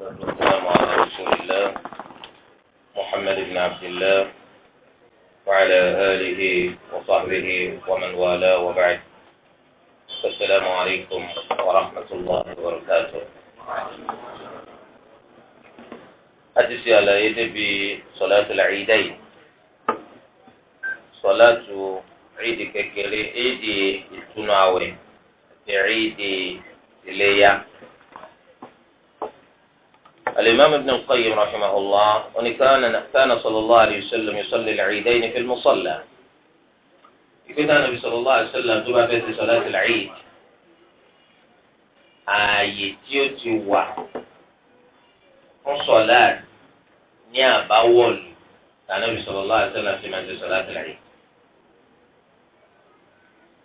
والصلاة والسلام على رسول الله محمد بن عبد الله وعلى آله وصحبه ومن والاه وبعد السلام عليكم ورحمة الله وبركاته أتسي على يد بصلاة العيدين صلاة عيد ككري عيد التناوي عيد إليا الإمام ابن القيم رحمه الله ونكان كان صلى الله عليه وسلم يصلي العيدين في المصلى إذا النبي صلى الله عليه وسلم تبع بيت صلاة العيد آي تيو تيو صلاة نيا باول النبي صلى الله عليه وسلم في منزل صلاة العيد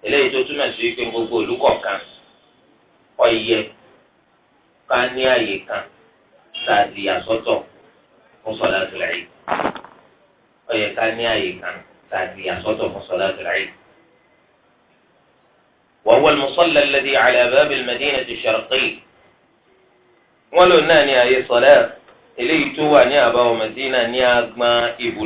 إليه تو تو منزل يكون بقول لكوكا أيه كان يا يكان tá àsọtọ fún sọlá Eid ó ká ní àyè kan tá àsọtọ fún sọlá Eid. وهو المصلى الذي على باب المدينة الشرقية ولو ناني أي صلاة إليه توا ني أبا ومدينة ني أغما إبو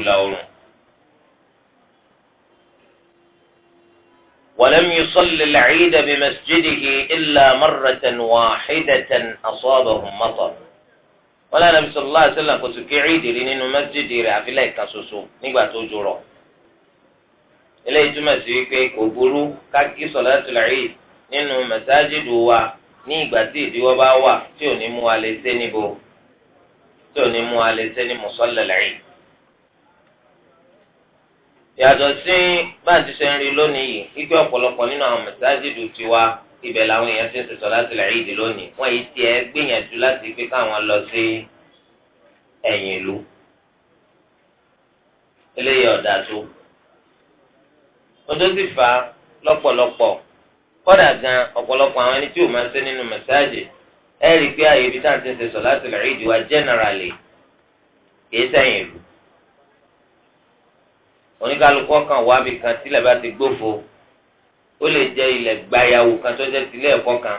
ولم يصل العيد بمسجده إلا مرة واحدة أصابهم مطر wọn lànà bí sọlá àṣẹlẹ kò sì kéré ìdèrè nínú mẹsídìí rẹ̀ àfilẹ ìkan ṣoṣo nígbà tó jù rọ eléyìí túmọ̀ sí wípé kò burú kákí nínú wa ní ìgbà tí ìdíwọ́ bá wà tí ò ní wa lè níbo tí ò ní mú wa lè ṣe ní mùsọ̀lẹ̀lẹ̀ yàtọ̀ sí lónìí yìí ọ̀pọ̀lọpọ̀ nínú àwọn tiwa ibẹ̀ làwọn èèyàn ti ń sọ̀tọ̀ láti lè rí ìdí lónìí wọ́n yìí tiẹ̀ gbìyànjú láti pé káwọn lọ sí ẹ̀yìn ìlú eléyìí ọ̀dà tó odó sì fà á lọ́pọ̀lọpọ̀ kọ́dà gan ọ̀pọ̀lọpọ̀ àwọn ẹni tí ò máa ń ṣe nínú mẹ́sáàgì ẹ rí i pé ààyè ibi tá ti ń sọ̀tọ̀ láti lè rí ìdí wa generally kì í sẹ́yìn ìlú oníkálukú ọkàn wábì kan tílẹ̀ bá ti gbófo ó lè jẹ ilẹ̀ gbayawu kan tó jẹ́ tilé ẹ̀kọ́ kan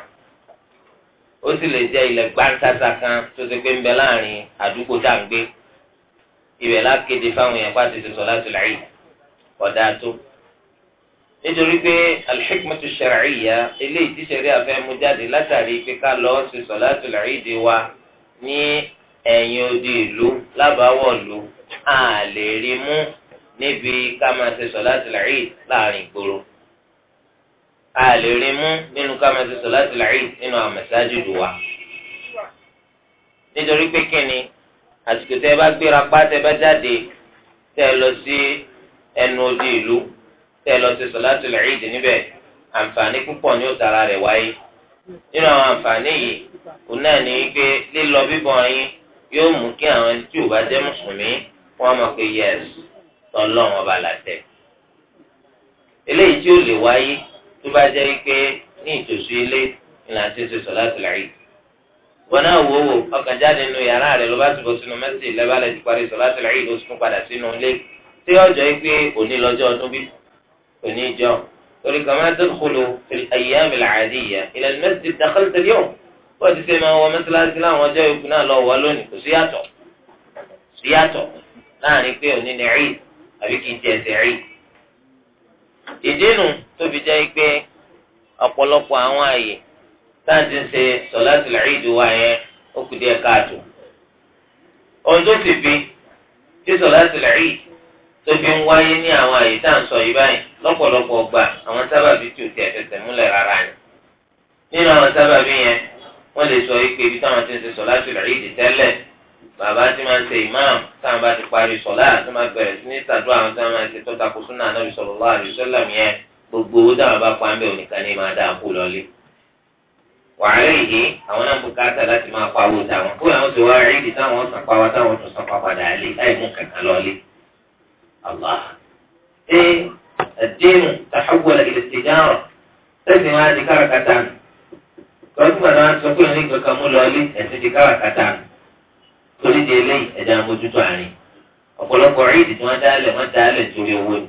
ó sì lè jẹ ilẹ̀ gbansasa kan tó ti pé ń bẹ láàrin àdúgbò tá à ń gbé ibẹ̀ lákéde fáwọn yẹn pàṣẹ ti solatul Eid ọ̀dà tó nítorí pé al-hikmatu eléyìí tí sẹ̀rí àfẹ́ mú jáde látàrí pé ká lọ́ọ́ ṣe solatul Eid wa ní ẹ̀yìn odi ìlú lábàáwọ̀lú a lè rí mú níbi ká máa ṣe solatul Eid láàrin ìgboro a lè rí mú nínú ká máa ṣe salatul Eid nínú àwọn masajidu wa. nítorí pé kí ni àsìkò tẹ́ ẹ bá gbéra pa tẹ́ ẹ bá jáde tẹ́ ẹ lọ sí ẹnu odi ìlú tẹ́ ẹ lọ ṣe salatul Eid níbẹ̀ àǹfààní púpọ̀ ní òtara rẹ̀ wáyé nínú àwọn àǹfààní yìí òun náà ní wípé lílọ bíbọ̀ yín yóò mú kí àwọn ẹni tí ò bá jẹ́ mùsùlùmí wọ́n á mọ̀ pé yẹ́sì tọ́lọ́run ọba làtẹ̀. eléyìí tí ó lè wáyé tó bá jẹ́ pé ní ìtòsí ilé ìlànà ti ṣe sọ̀láàtì láàyè wọn náà wò wò ọkàn jáde nínú yàrá rẹ ló bá ti bọ sínú mẹsì lẹbàlẹ ti parí sọ̀láàtì láàyè ló sún padà sínú ilé tí ọjọ́ pé òní lọ́jọ́ ọdún bí òní jọ torí kàmá tadkhulu fil ayyam al-'adiyya ila al-masjid dakhalta al-yawm wọ́n ti ṣe máa wọ mẹ́sàlásí láwọn ọjọ́ ìkú náà lọ wọ́ lónìí kò ìdínú tóbi jẹ́ pé ọ̀pọ̀lọpọ̀ àwọn àyè táǹtì ń ṣe sọ̀láṣì làídì wa yẹn ó kù díẹ̀ káàtó. ohun tó sì fi tí sọ̀láṣì làídì tóbi ń wáyé ní àwọn àyè táǹsọ yìí báyìí lọ́pọ̀lọpọ̀ ọgbà àwọn sábàbí tí ò ti ẹ̀fẹsẹ̀ múlẹ̀ rárá ni. nínú àwọn sábàbí yẹn wọ́n lè sọ pé ibi táwọn ti ń ṣe sọ̀láṣì làídì tẹ́lẹ̀ bàbá tí máa ń ṣe imam táwọn bá ti parí sọlá tó máa bẹ̀rẹ̀ sí ní ṣàdúrà àwọn tí wọ́n máa ń ṣe tọ́ta kó súnà Ànábì sallallahu alaihi wasallam yẹn gbogbo owó táwọn bá pa ń bẹ̀ òníkan ní máa dáa kú lọ́lé. wàhálà yìí àwọn náà bùkátà láti máa pa owó táwọn kó àwọn tó wá rí ibi táwọn sàn pa wá táwọn tó sàn pa padà lé láì mú kankan lọ́lé. Allah ṣé ẹ̀dínù tahawwala torí di eléyìí ẹ̀dá mójútó àárín ọ̀pọ̀lọpọ̀ ríìdì tí wọ́n dálẹ̀ wọ́n dálẹ̀ torí owó ni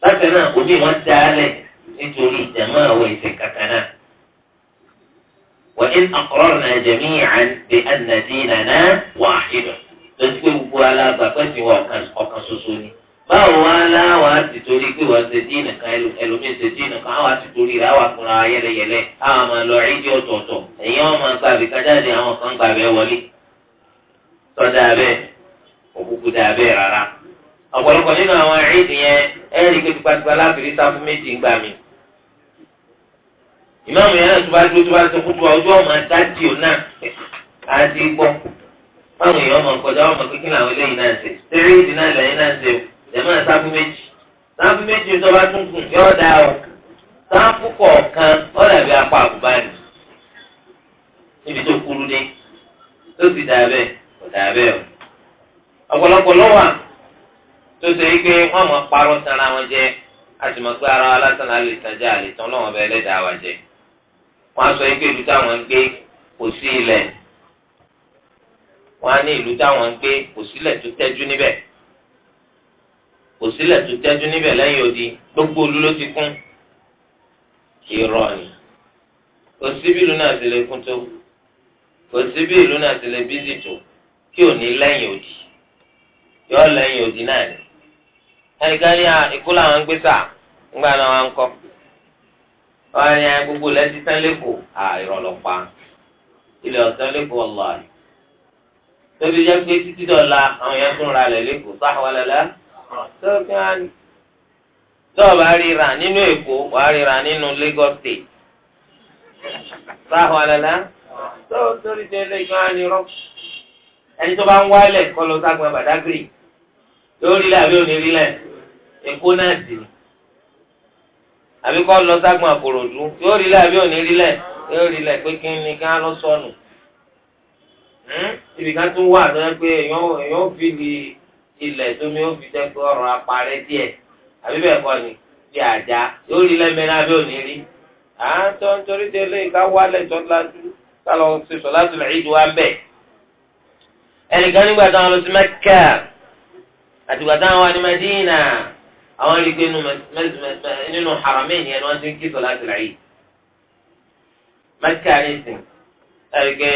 bákan náà òbí wọn dálẹ̀ nítorí ìjàmọ́ àwọn ìṣe kankan náà wọ́n ní àkọ́rọ́ náà jẹ̀mí àn bí ànàdí nàná wà ìdọ̀ tó ti pé gbogbo alábàápẹ́ ti wọ ọ̀kan ṣoṣo ni báwo wá láwa ti torí pé wọ́n ṣe dín nìkan ẹlòmíín ṣe dín nìkan àwa ti torí rẹ̀ àwa fúnra yẹlẹyẹlẹ àwa máa lọ rídìí ọ̀tọ̀ọ̀tọ̀ ẹ̀yin wọn máa gbàgbé kájáde àwọn kan gbàgbé wọlé. sọ bẹ́ẹ̀ òkùnkùn dà bẹ́ẹ̀ rárá ọ̀pọ̀lọpọ̀ nínú àwọn ẹ̀ẹ́dì yẹn ẹ̀ẹ́dì pé tipatipa láfìrí sáfù méjì ń gbà mí. ìmáàmù yẹn náà tó bá dúró tó bá tó kútu ọjọ́ ọmọ dájì ò náà àti gbọ́. báwọn èèyàn ọmọ nǹkọjá ọmọ pé làwọn eléyìí náà ṣe náà lẹ́yìn náà ṣe sáfù méjì sáfù méjì tó bá tún kò bẹ́ẹ̀ o ọ̀pọ̀lọpọ̀ ló wà tó ṣe wọ́n mọ̀ parọ́ sanra wọn jẹ́ ara lọ́wọ́ bẹ́ẹ̀ lẹ́dàá wa wọ́n á sọ pé ìlú táwọn ń gbé kò sí wọ́n á ní ìlú táwọn ń gbé kò sílẹ̀ tó níbẹ̀ kò sílẹ̀ tó níbẹ̀ lẹ́yìn odi gbogbo tí o ní lẹ́yìn òdì yọ lẹ́yìn òdì náà ni ẹnìkan ní ikú làwọn ń gbé sà ńgbà náà wọn kọ́ wọn ní gbogbo lẹ́sí tán lẹ́kọ̀ọ́ àìrọ̀lọ́pàá ilẹ̀ ọ̀sán lẹ́kọ̀ọ́ ọ̀làrí tóbi jẹ́ pé títí dọ̀la àwọn yẹn tún ra lẹ̀ lẹ́kọ̀ọ́ sáwọ́lẹ́lá tọ́ọ̀bù nínú èkó wàá ríra nínú Lagos state tó ẹni tó bá ń wáyẹlẹ kọ lọ ságun Badagry yóò rí lẹ àbí òní rí lẹ Èkó náà sì ni àbí kọ lọ ságun Àkòròdú yóò rí lẹ àbí òní rí lẹ yóò rí lẹ pé kí ni ká lọ sọnù hmm? ibi ká tún wà lọ́yẹ́ pé èèyàn ò fi di ilẹ̀ tómi ó fi jẹ́ pé ọ̀rọ̀ aparẹ́ díẹ̀ àbí bẹ́ẹ̀ kọ́ ni ti àjà yóò rí lẹ́mẹ́rin abẹ́ òní rí à ń tọ́ nítorí tẹ́lẹ̀ ká wálẹ̀ tọ́ lájú ká lọ sọ láti lè rí ẹnìkan nígbà táwọn lọ sí Mẹ́kà àtìgbà táwọn wà ní Madina àwọn rí i pé nínú Haramain yẹn ni wọ́n ti ń kí sọlá tìlà yìí Mẹ́kà ní sìn ẹrí pé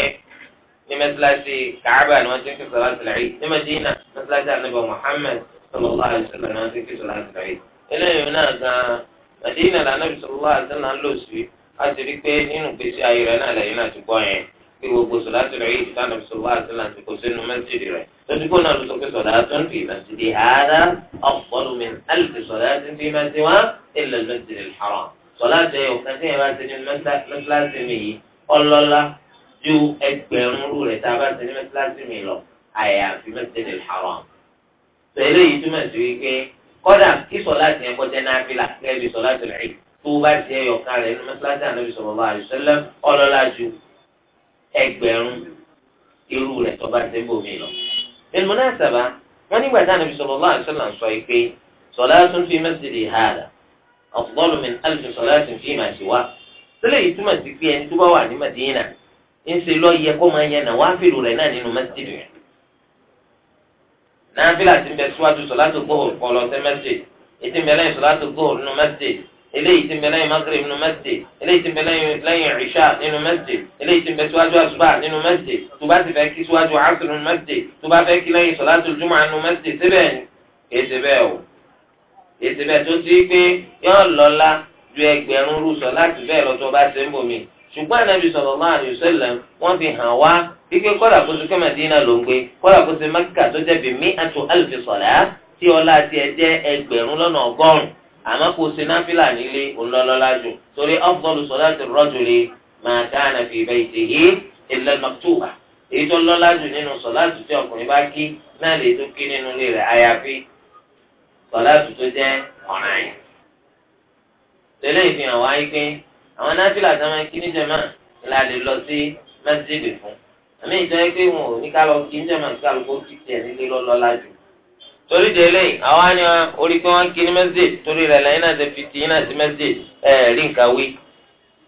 ní mẹsàlásì Kàábà ni wọ́n ti ń kí sọlá tìlà yìí ní Madina mẹsàlásì ànábì Muhammad sallallahu alaihi wasallam ni wọ́n ti ń kí sọlá tìlà yìí eléyìí náà gan Madina lànà bisalòlá àti sọlá lọ sí àti rí i pé nínú gbèsè ayé rẹ náà lẹ́yìn náà ti gbọ́ yẹn. kí gbogbo sọláàtì rẹ̀ yìí sànà bisalòwà àtìlàn ti kò sínú mẹ́sìdì rẹ̀ lọ́sí kó náà ló sọ pé sọláàtì ń fi mẹ́sìdì hàdá afdalu min alfi sọláàtì fi mẹ́sìdì wá illa al-masjid al-haram sọláàtì ẹ̀yọ̀ kan tí yẹn bá ti ní mẹ́sìláàtì mi yìí ọlọ́lá ju ẹgbẹ̀rún rú rẹ̀ tá a bá ti ní mẹ́sìláàtì mi lọ àyàfi mẹ́sìdì al-haram tẹ̀lé yìí túmọ̀ sí wípé kọ́dà kí sọláàtì yẹn kọjá náà fi là kẹ́ẹ̀bì sọláàtì rẹ̀ tó bá ti ẹ̀yọ̀ kan rẹ̀ ní mẹ́sìláàtì ànábì sallallahu alaihi wasallam ọlọ́lá ju ẹgbẹ̀rún irú rẹ̀ tó bá ti bòmí lọ. nínú náà sábà wọn nígbà tí Ànábì sallallahu alaihi wasallam sọ yìí pé salatun fi masjidi hada afdalu min alfi salatin fi ma siwa sílẹ̀ yìí túmọ̀ sí pé ẹni tó bá wà ní Madina ń ṣe lọ yẹ kó máa yẹ nàwáfílù rẹ̀ náà nínú masjidi rẹ̀ náà fílà ti bẹ síwájú salatu gbóhùn kọlọ sí masjid ètí mẹlẹ́yìn salatu gbóhùn nínú masjid eléyìí tí ń bẹ lẹ́yìn maghrib nínú masjid eléyìí tí ń bẹ lẹ́yìn isha nínú masjid eléyìí tí ń bẹ síwájú àsùbá nínú masjid tó bá ti fẹ́ kí síwájú asr nínú masjid tó bá fẹ́ kí lẹ́yìn sọ̀látù jumu'ah nínú masjid síbẹ̀ ni kìí ṣe bẹ́ẹ̀ o kìí ṣe bẹ́ẹ̀ tó ti pé yọ́ọ̀ lọ́la ju ẹgbẹ̀rún rúṣọ láti bẹ́ẹ̀ lọ́tọ́ bá ṣe ń bomi ṣùgbọ́n anabi sallallahu alayhi wa sallam wọ́n fi hàn wá wípé kọ́dà kó sókè àmọ́ kò ṣe náfìlà nílé ńlọ́lọ́lá jù torí afdalu salati rajuli ma kana fi baytihi illa al-maktuba èyí tó lọ́lá jù nínú sọ̀láàtù tí ọkùnrin bá kí náà lè tó kí nínú ilé rẹ̀ àyàfi sọ̀láàtù tó jẹ́ ọ̀ràn yẹn. tẹ́lẹ̀ ìfihàn wáyé pé àwọn náfìlà tí wọ́n kí níjẹ̀mọ́ la lè lọ sí mẹ́sídìí fún àmì ìjọ torí délé àwọn àyàn orí pé wọ́n ń kiri masjid torí rẹ̀ lẹ́yìn náà ti fi ti yín náà sí masjid ẹ̀ rí nǹkan wí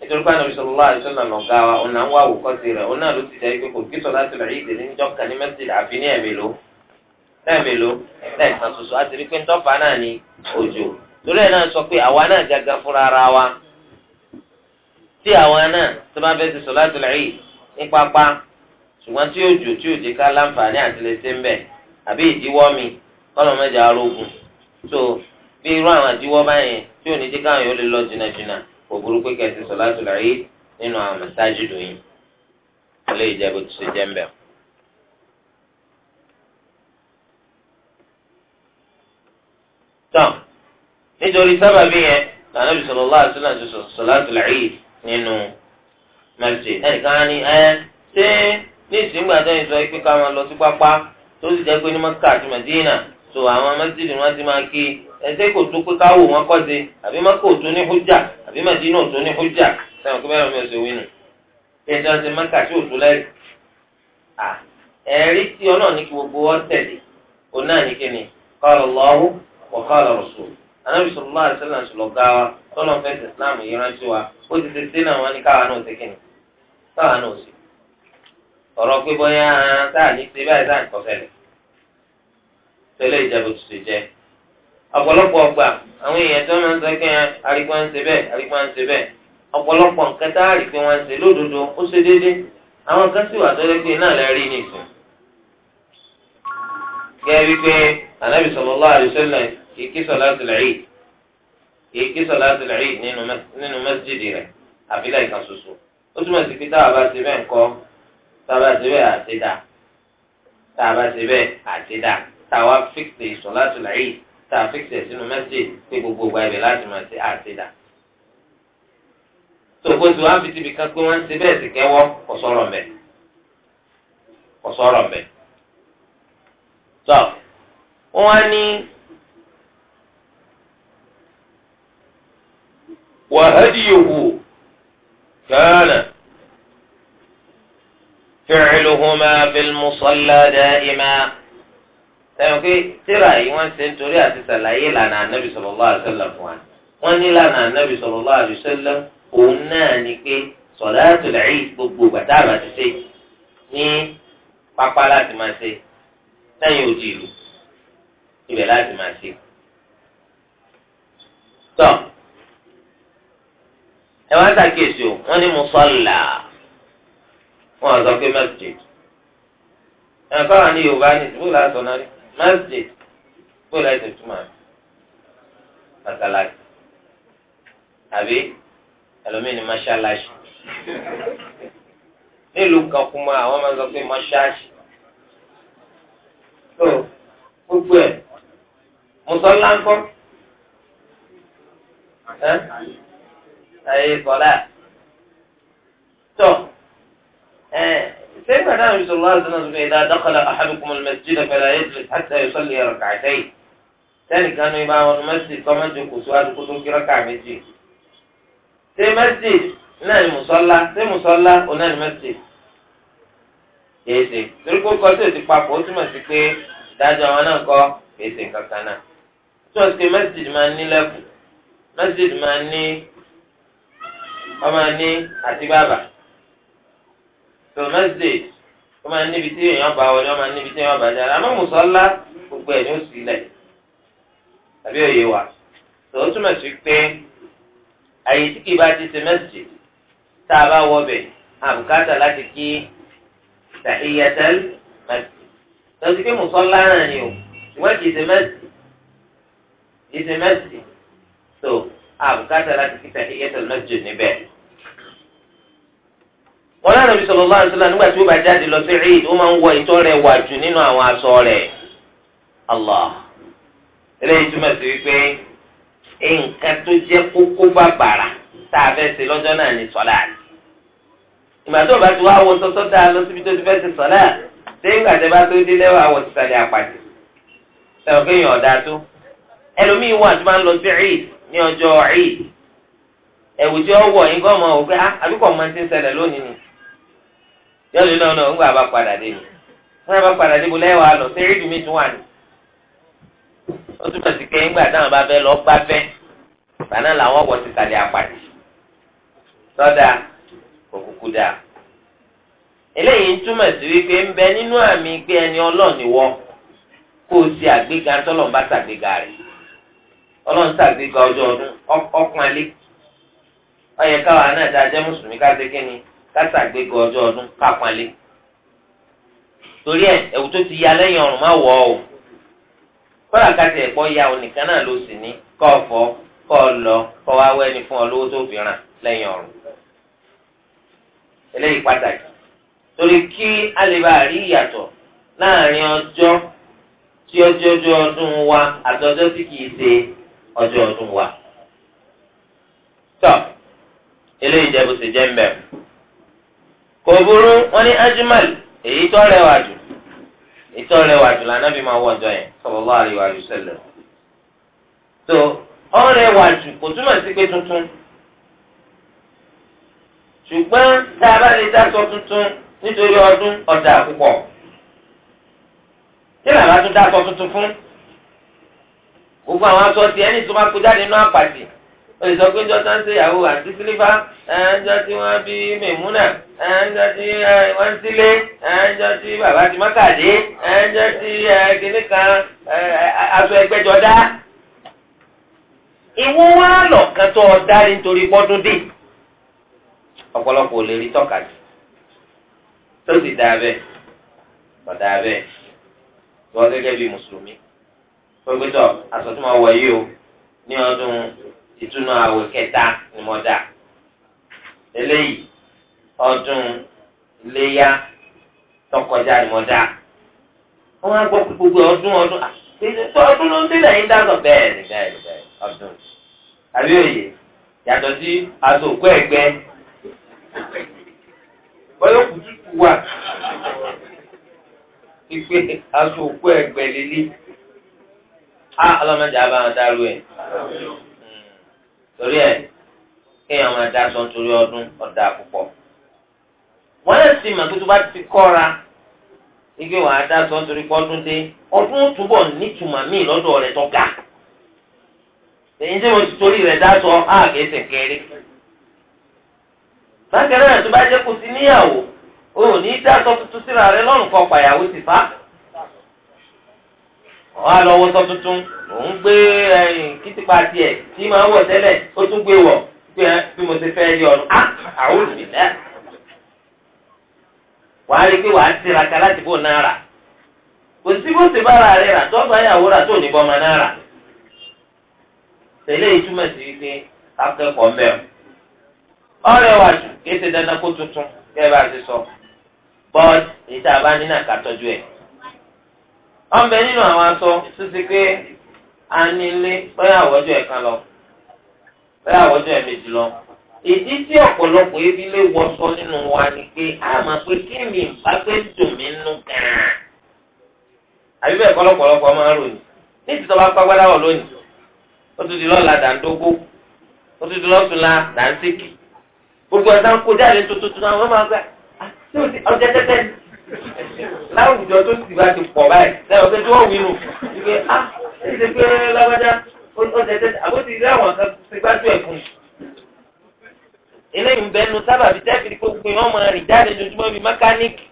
nítorí pé Ànábì sallallahu alaihi wasallam lọ́gá wa ọ̀nà ń wá àwòkọ́sí rẹ̀ ọ̀nà ló ti jẹ́ pé kò kí solatul Eid ní jọ́ka ní masjid àfi ní ẹ̀mẹ́lò ẹ̀mẹ́lò lẹ́ẹ̀kan ṣoṣo àti rí pé ntọ́fà náà ní òjò torí ẹ̀ náà sọ pé àwa náà jaga fúnra ara wa tí àwa náà tó bá fẹ́ ti solatul Eid ní pápá ṣùgbọ́n tí òjò tí òjò ká láǹfààní àti ń bẹ̀ àbí ìdíwọ́ mi kọ́lọ̀ mẹ́jọ arógun so bí irú àwọn àdíwọ́ báyẹn tí ò ní jẹ́ káwọn yóò lè lọ jìnnàjìnnà kò burú pé kẹsì sọ láti rà yìí nínú àwọn mẹ́sáàjì lóyún ilé ìjẹ́bù tó ṣe jẹ́ ń bẹ̀. tán nítorí sábàbí yẹn lànà bisọ̀rọ̀ láti sọ̀rọ̀ láti sọ̀rọ̀ láti rà yìí nínú mẹ́sì ẹnìkan á ní ẹ ṣé ní ìsìngbà tó ń sọ pé lọ sí pápá tó sì jẹ́ pé ní mọ́kà àti mẹ́dínà so àwọn mẹsìlì wọn ti máa kí ẹsẹ kò tó pé káwọ wọn kọ sí àbí má kò tó ní hújà àbí má dínà tó ní hújà sẹwọn kí mi ò ẹjọ ti má kà sí òtú lẹrì à ẹrí tí ọ náà gbogbo ọ tẹ̀lé ọ náà ní ni qala Allahu wa qala Rasul anábì sallallahu alaihi wasallam sọlọ gá na fẹsẹ islam yìí rántí wa ó ti ti sí náà wọn káwa náà tẹ́lẹ̀ ìjàbọ̀ tó ṣe jẹ́. ọ̀pọ̀lọpọ̀ ọgbà àwọn èèyàn tó máa ń sọ kí arígbá ń ṣe bẹ́ẹ̀ arígbá ń ṣe bẹ́ẹ̀ ọ̀pọ̀lọpọ̀ nǹkan tá a rí pé wọ́n ń ṣe lódodo ó ṣe déédé àwọn kan sì wà tọ́lẹ́ pé náà lẹ́rí ní ìsìn. gẹ́gẹ́ bí pé anábì sallallahu alaihi wasallam kì í kí salatul Eid kì í kí salatul Eid nínú mẹ́sídìí rẹ̀ àbílẹ̀ ìkan ṣoṣo ó túmọ̀ sí pé táwa bá ṣe bẹ́ẹ̀ ńkọ́ táwa bá ṣe bẹ́ẹ̀ tàwa fíksì sọ̀látù làyè tàwa fíksì ẹ̀ sínú mẹ́sì pé gbogbo ìgbà ibẹ̀ láti máa ṣe àṣìdá. tòkòtò wá fi tibì kan pé wọ́n ń ṣe bẹ́ẹ̀ sì kẹ́wọ́ ọ̀sọ́rọ̀ mbẹ̀ ọ̀sọ́rọ̀ mbẹ̀. tọ́ wọ́n á ní. وهديه كان فعلهما في المصلى دائما sẹ́yìn pé tíra yìí wọ́n ṣe nítorí àti sàlàyé ìlànà ànábì sallallahu alaihi wasallam fún wa wọ́n ní ìlànà ànábì sallallahu alaihi wasallam òun náà ni pé salatul Eid gbogbo bàtà àbàtì ṣe ní pápá láti máa ṣe sẹ́yìn òjì ìlú ibẹ̀ láti máa ṣe. tọ́ ẹ wá ṣàkíyèsí o wọ́n ní mùsọ́là wọ́n sọ pé masjid ẹ̀fọ́ àwọn ní yorùbá ní ìdúró lásán náà masjid kó láì tó túmọ̀ masalasi àbí ẹlòmíì ni masalasi nílùú kan kú mọ́ àwọn máa ń sọ pé masalasi tó gbogbo ẹ̀ mùsọ̀lá ńkọ́ ayé sọ̀lá tó ẹ́. سيدنا النبي صلى الله عليه وسلم إذا دخل أحدكم المسجد فلا يجلس حتى يصلي ركعتين ثاني كانوا يبقى المسجد فمن جنكو سؤال كتوك ركع مسجد سي مسجد náà ni mùsọ́lá ṣé mùsọ́lá òun náà ni mẹ́sì kéèsè torí kó kọ́ sí èsì papọ̀ ó túmọ̀ sí pé ìdájọ́ àwọn náà kọ́ kéèsè kankan náà tó ṣe mẹ́sìdì máa ní lẹ́kùn mẹ́sìdì máa ní ọmọ ní àti bàbà tòlmẹ́sìdè ó máa níbi tí èèyàn bá wọlé ó máa níbi tí èèyàn bá jáde àmọ́ mùsọ́lá gbogbo ẹ̀ ní ó sílẹ̀ àbí òye wa tó túmọ̀ sí pé àyè tí kì í bá ti ṣe mẹ́sìdè tá a bá wọ bẹ̀ àbùkátà láti kí tàhíyàtẹ́l mẹ́sìdè lọ́sí pé mùsọ́lá náà ni o ṣùgbọ́n kì í ṣe mẹ́sìdè kì í ṣe mẹ́sìdè tó àbùkátà láti kí tàhíyàtẹ́l mẹ́sìdè níbẹ̀. wọn náà nàbí sọlọ lọ́wọ́ nígbà tí ó bá jáde lọ sí eid ó máa ń wọ ìtọ́ wà jù nínú àwọn allah eléyìí túmọ̀ sí wípé nǹkan tó jẹ́ kókó tá a fẹ́ lọ́jọ́ náà ìgbà tó o bá ti wá wọ dáa lọ síbi tó ti fẹ́ bá tó dé lẹ́wọ̀ àwọ̀ àpàtì ẹ̀rọ ọ̀dà tó ẹlòmíì wà yóò lè náà náà ń gbà bá padà dé ni wọ́n bá padà dé bó lẹ́wàá lọ sí rídùú mi tún wà ní. ó túbọ̀ sí lọ gbá fẹ́ bàná làwọn wọ̀ sí sàlẹ̀ àpàdé sọ́dà òkùnkù dà. eléyìí ń túmọ̀ sí wípé ń bẹ nínú àmì ẹni ọlọ́ọ̀ni wọ kó o ṣe àgbéga tọ́lọ́n bá ṣàgbéga rẹ̀ ọlọ́run ṣàgbéga ọjọ́ ọdún alẹ́ náà dáa jẹ́ mùsùlùmí kásàgbéga ọjọ́ ọdún kápánlé torí ẹ ẹ̀wù tó ti ya lẹ́yìn ọrùn má wọ̀ ọ́ kọ́lá kàtẹ́ ẹ̀pọ́ ya onìkan náà ló sì ní kọ́ ọ̀fọ́ kọ́ ọ lọ kọ́ wá wẹ́ni fún ọ lówó tó fi ràn lẹ́yìn ọrùn eléyìí pàtàkì torí kí a lè bá rí ìyàtọ̀ láàrin ọjọ́ tí ọjọ́ ọjọ́ ọdún wa àtọ́jọ́ tí kìí ṣe ọjọ́ ọdún wa. tọ́ eléyìí jẹ́ bó ṣe jẹ́ mbẹ́rù. Ọ bụrụ wọn ajimal èyí tó rẹwà jù èyí rẹwà jù lànàbí máa wọ ọjọ́ yẹn sallallahu alaihi wa sallam tó sí pé tuntun ṣùgbọ́n tá a bá lè dáṣọ tuntun nítorí ọdún ọjà púpọ̀ tí làwọn á tún tuntun fún gbogbo àwọn aṣọ tiẹ̀ ní tó máa jáde nínú òyìnbó pé njọ́ tá ń ṣe ìyàwó àti sílífà ẹnjọ́ tí wọ́n bí mẹ̀múnà ẹnjọ́ tí wọ́n sílé ẹnjọ́ tí bàbá ti mọ́kàdé ẹnjọ́ tí kìnnì kan aṣọ ẹgbẹ́jọ dá. ìwọ wá lọ̀kan tó ọ̀dá nítorí pọ́dún dé ọ̀pọ̀lọpọ̀ ò lè rí tọ́ka jù tó sì dáa bẹ́ẹ̀ ọ̀dà bẹ́ẹ̀ wọ́n gẹ́gẹ́ bí mùsùlùmí pé pé tọ́ àsọtúnmọ̀ wọ̀ yìí o ní ọdún ìtúnu àwẹ̀ kẹta ni mo dà eléyìí ọdún iléyà tọkọjá ni mo dà wọn á gbọ́ gbogbo ọdún ọdún àti ah, ọdún ló ń délẹ̀ yín dáàbọ̀ bẹ́ẹ̀ ni bẹ́ẹ̀ ni bẹ́ẹ̀ ọdún àbí òye yàtọ̀ sí àtòkù ẹ̀gbẹ́ bọ́lá kùtùkù wà ìpè àtòkù ẹ̀gbẹ́ lélẹ̀ ah, á ọlọ́mọdé abáwọn dárú ẹ̀. torí ẹ kéèyàn máa dá aṣọ nítorí ọdún ọ̀dà púpọ̀ wọ́n lè ti mọ̀ pé tó bá ti kọ́ra igi wàá dá aṣọ nítorí pọ́dún dé ọdún túbọ̀ nítumọ̀ míì lọ́dọ̀ tó ga èyí tí mo ti torí dá aṣọ kéré tó bá jẹ́ kó o ní dá aṣọ tuntun síra lọ́rùn kọ́ fa. wọn á lọ wọ sọ tuntun òun gbé kìtìpá tiẹ̀ tí màá wọ̀ tẹ́lẹ̀ ó tún gbé wọ̀ bí mo ti fẹ́ rí ọ̀nà àwọn olùdílẹ̀ wàá rí i pé wàá tiraka láti bò náà kò sí bó ti bára rẹ̀ rà tó bá yàwó rà tó ní bọ́mọ náà tẹ̀lé ìtumọ̀ sí wípé akẹ́kọ̀ọ́ ọ̀rẹ́ jù kí tuntun kẹ́ ẹ bá ti sọ bọ́ọ̀dì ìta wọn bẹ nínú àwọn aṣọ títí pé a nílé bóyá àwọjọ ẹ̀ka lọ bóyá àwọjọ ẹ̀mejì lọ ìdí tí ọ̀pọ̀lọpọ̀ ebi lè wọṣọ nínú wa ni pé a mọ̀ pé kí mi bá pé dùn mí nù gàn àbí bẹ́ẹ̀ kọ́ lọ́pọ̀lọpọ̀ máa ń ròyìn ní ìtìtọ́ bá pa wọ̀ lónìí ó tún di lọ́la dàńdógó ó di gbogbo ẹ̀dá ń kó jáde láwùjọ tó ti bá ti pọ̀ báyìí lẹ́yìn pé tí wọ́n wí nù ìgbé ah ṣe ṣe pé lágbájá ó ṣe ṣe àbótí ilé àwọn kan ti gbájú ẹ̀ fún un. eléyìí ń bẹnu sábàbí tẹ́fìdì gbogbo yẹn wọ́n máa rìn jáde lójúmọ́ bíi mẹkáníìkì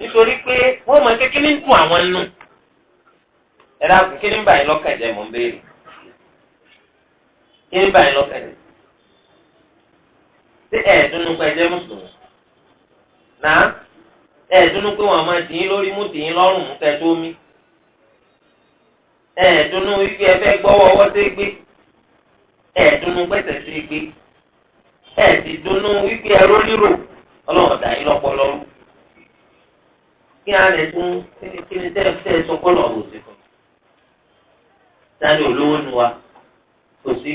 nítorí pé wọ́n máa kékeré ń tún àwọn nù. ẹ dákun kí ni ń bà yín lọ́kàn jẹ́ mò ń béèrè kí ni ń bà yín lọ́kàn jẹ́ ṣé ẹ̀ẹ́dùnú pẹ̀jẹ́ mùsùlùmí. naa ẹ dunu pé wọn máa tìyín lórí mú tìyín lọ́rùn mú kẹtó mi ẹ dunu wípé ẹ fẹ́ gbọ́wọ́ ọwọ́ gbé ẹ dunu pẹsẹ sí gbé ẹ sì dunu wípé ẹ rólírò Ọlọ́run ọdà yín lọ́pọ̀ lọ́rùn kí á lè fún kí ni sọ kọlọ kan sani olówó nu wa kò sí.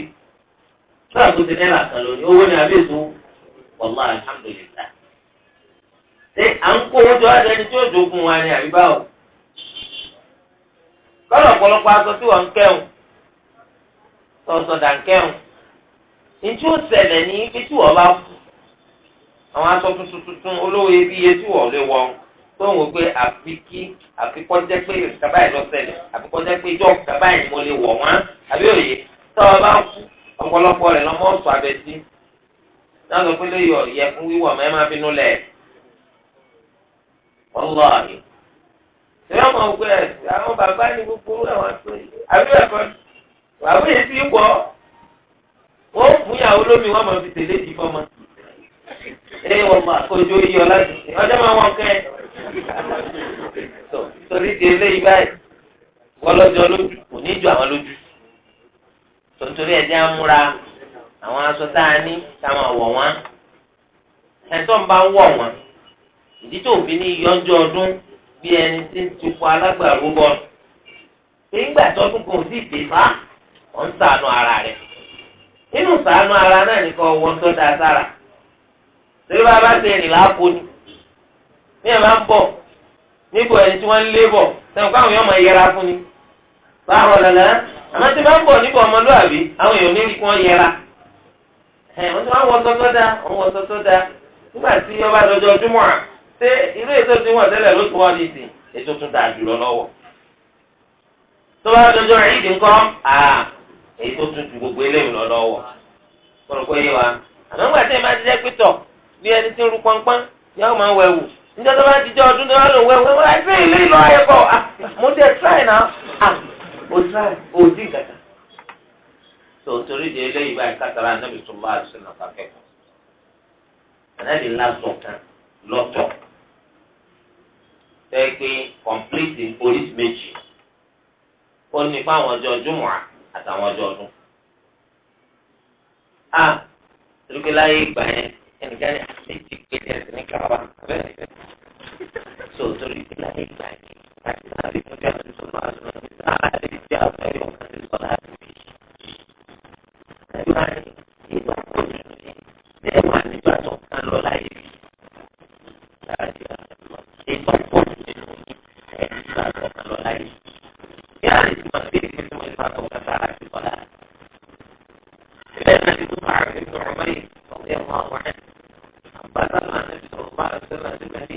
ti ṣé à ń kó owó tó wá dẹni tí ó jogun wa ni àbí báwo kọ́lọ̀ ọ̀pọ̀lọpọ̀ aṣọ tí wọ́n ń kẹ́hùn sọ̀sọ̀dà ń kẹ́hùn ntí ó ṣẹlẹ̀ ní ibi tí wọ́n bá kú àwọn aṣọ tuntun tuntun olówó iyebíye tí wọ́n lè wọ́n tó ń wò pé àfi kí àfikọ́ jẹ́ pé kaba yìí lọ ṣẹlẹ̀ àfikọ́ jẹ́ pé ìjọ kaba yìí mo lè wọ̀ wọ́n àbí òye tí wọ́n bá kú ọ̀pọ̀lọpọ̀ rẹ̀ lọ́mọ́ ọ̀sọ̀ abẹ́sí náà lọ pé lóye ọ̀yẹ wíwọ̀ mẹ́ẹ́ bínú lẹ̀ wọ́láhì. ṣé wọ́n mọ̀ pé àwọn bàbá ní kúkúrú àwọn tó yìí àbí ẹ̀kọ́ àbí èsì wọ̀ wọ́n fún yàwó lómi wọ́n mọ̀ fi tẹ̀lé ti fọ́ ṣé wọ́n mọ̀ àkójọ yìí ọ̀la ọjọ́ máa kẹ́ ti wọ́n lọ́jọ́ lójú kò ní ju àwọn lójú amúra àwọn aṣọ a ní táwọn àwọ̀ wọn ẹ̀tọ́ ń bá wọ̀ ìdí tó fi ní yọjọ́ ọdún bí ẹni tí ń tukọ alágbàrú bọ̀ pé ńgbà tó tún kò sí ìdèfà ọ̀ ń sànù ara rẹ̀ nínú sànù ara náà nìkan wọ́n tó da sára torí bá bá ṣe ni máa ń bọ̀ níbo ẹni tí wọ́n ń lé bọ̀ sẹ́wọ̀n káwọn máa yẹra fún ni àmọ́ tí máa ń bọ̀ níbo ọmọlúwàbí àwọn èèyàn kí wọ́n yẹra ẹ̀ wọ́n ti máa ń ṣé irú èso tí wọ́n tẹ́lẹ̀ ló tún di sí èso tún dáa jùlọ lọ́wọ́ tó bá dọjọ́ ìdí ńkọ́ à èyí tó tún ju gbogbo eléyìí lọ lọ́wọ́ kọ́nùkó yé wa àmọ́ ńgbà tẹ́ ẹ máa ti jẹ́ pétọ̀ bí ẹni tí ń ru pọ́npọ́n yóò máa wẹ̀wù níjọ́ tó bá ti jẹ́ ọdún tó bá lò wẹ̀wù ilé mo jẹ́ try na ò tíráì ò dì gàdà. tó o torí di eléyìí báyìí kátàrà tó bá a fẹ́ pé complete police méjì ó ní fáwọn ọjọ́ júmọ̀ àtàwọn ọjọ́ ọdún. a torípé láyé ìgbà yẹn ẹnìkan ní méjì kéde ẹ̀sìn ní káwa abẹ́rẹ́ rẹ̀ so torí pé láyé ìgbà yẹn láti láti fún bí àwọn ìṣòro máa lọ sí láti fi àwọn ẹ̀rọ ọ̀kan ti sọ láti fi. ẹgbẹ́ àyè ìgbà tó yẹ kí ẹ wà nígbà tó kán lọ láyé rí láti àwọn ẹ̀rọ. ابن عمير رضي الله عنه أخبرنا النبي صلى الله عليه وسلم بالمهدي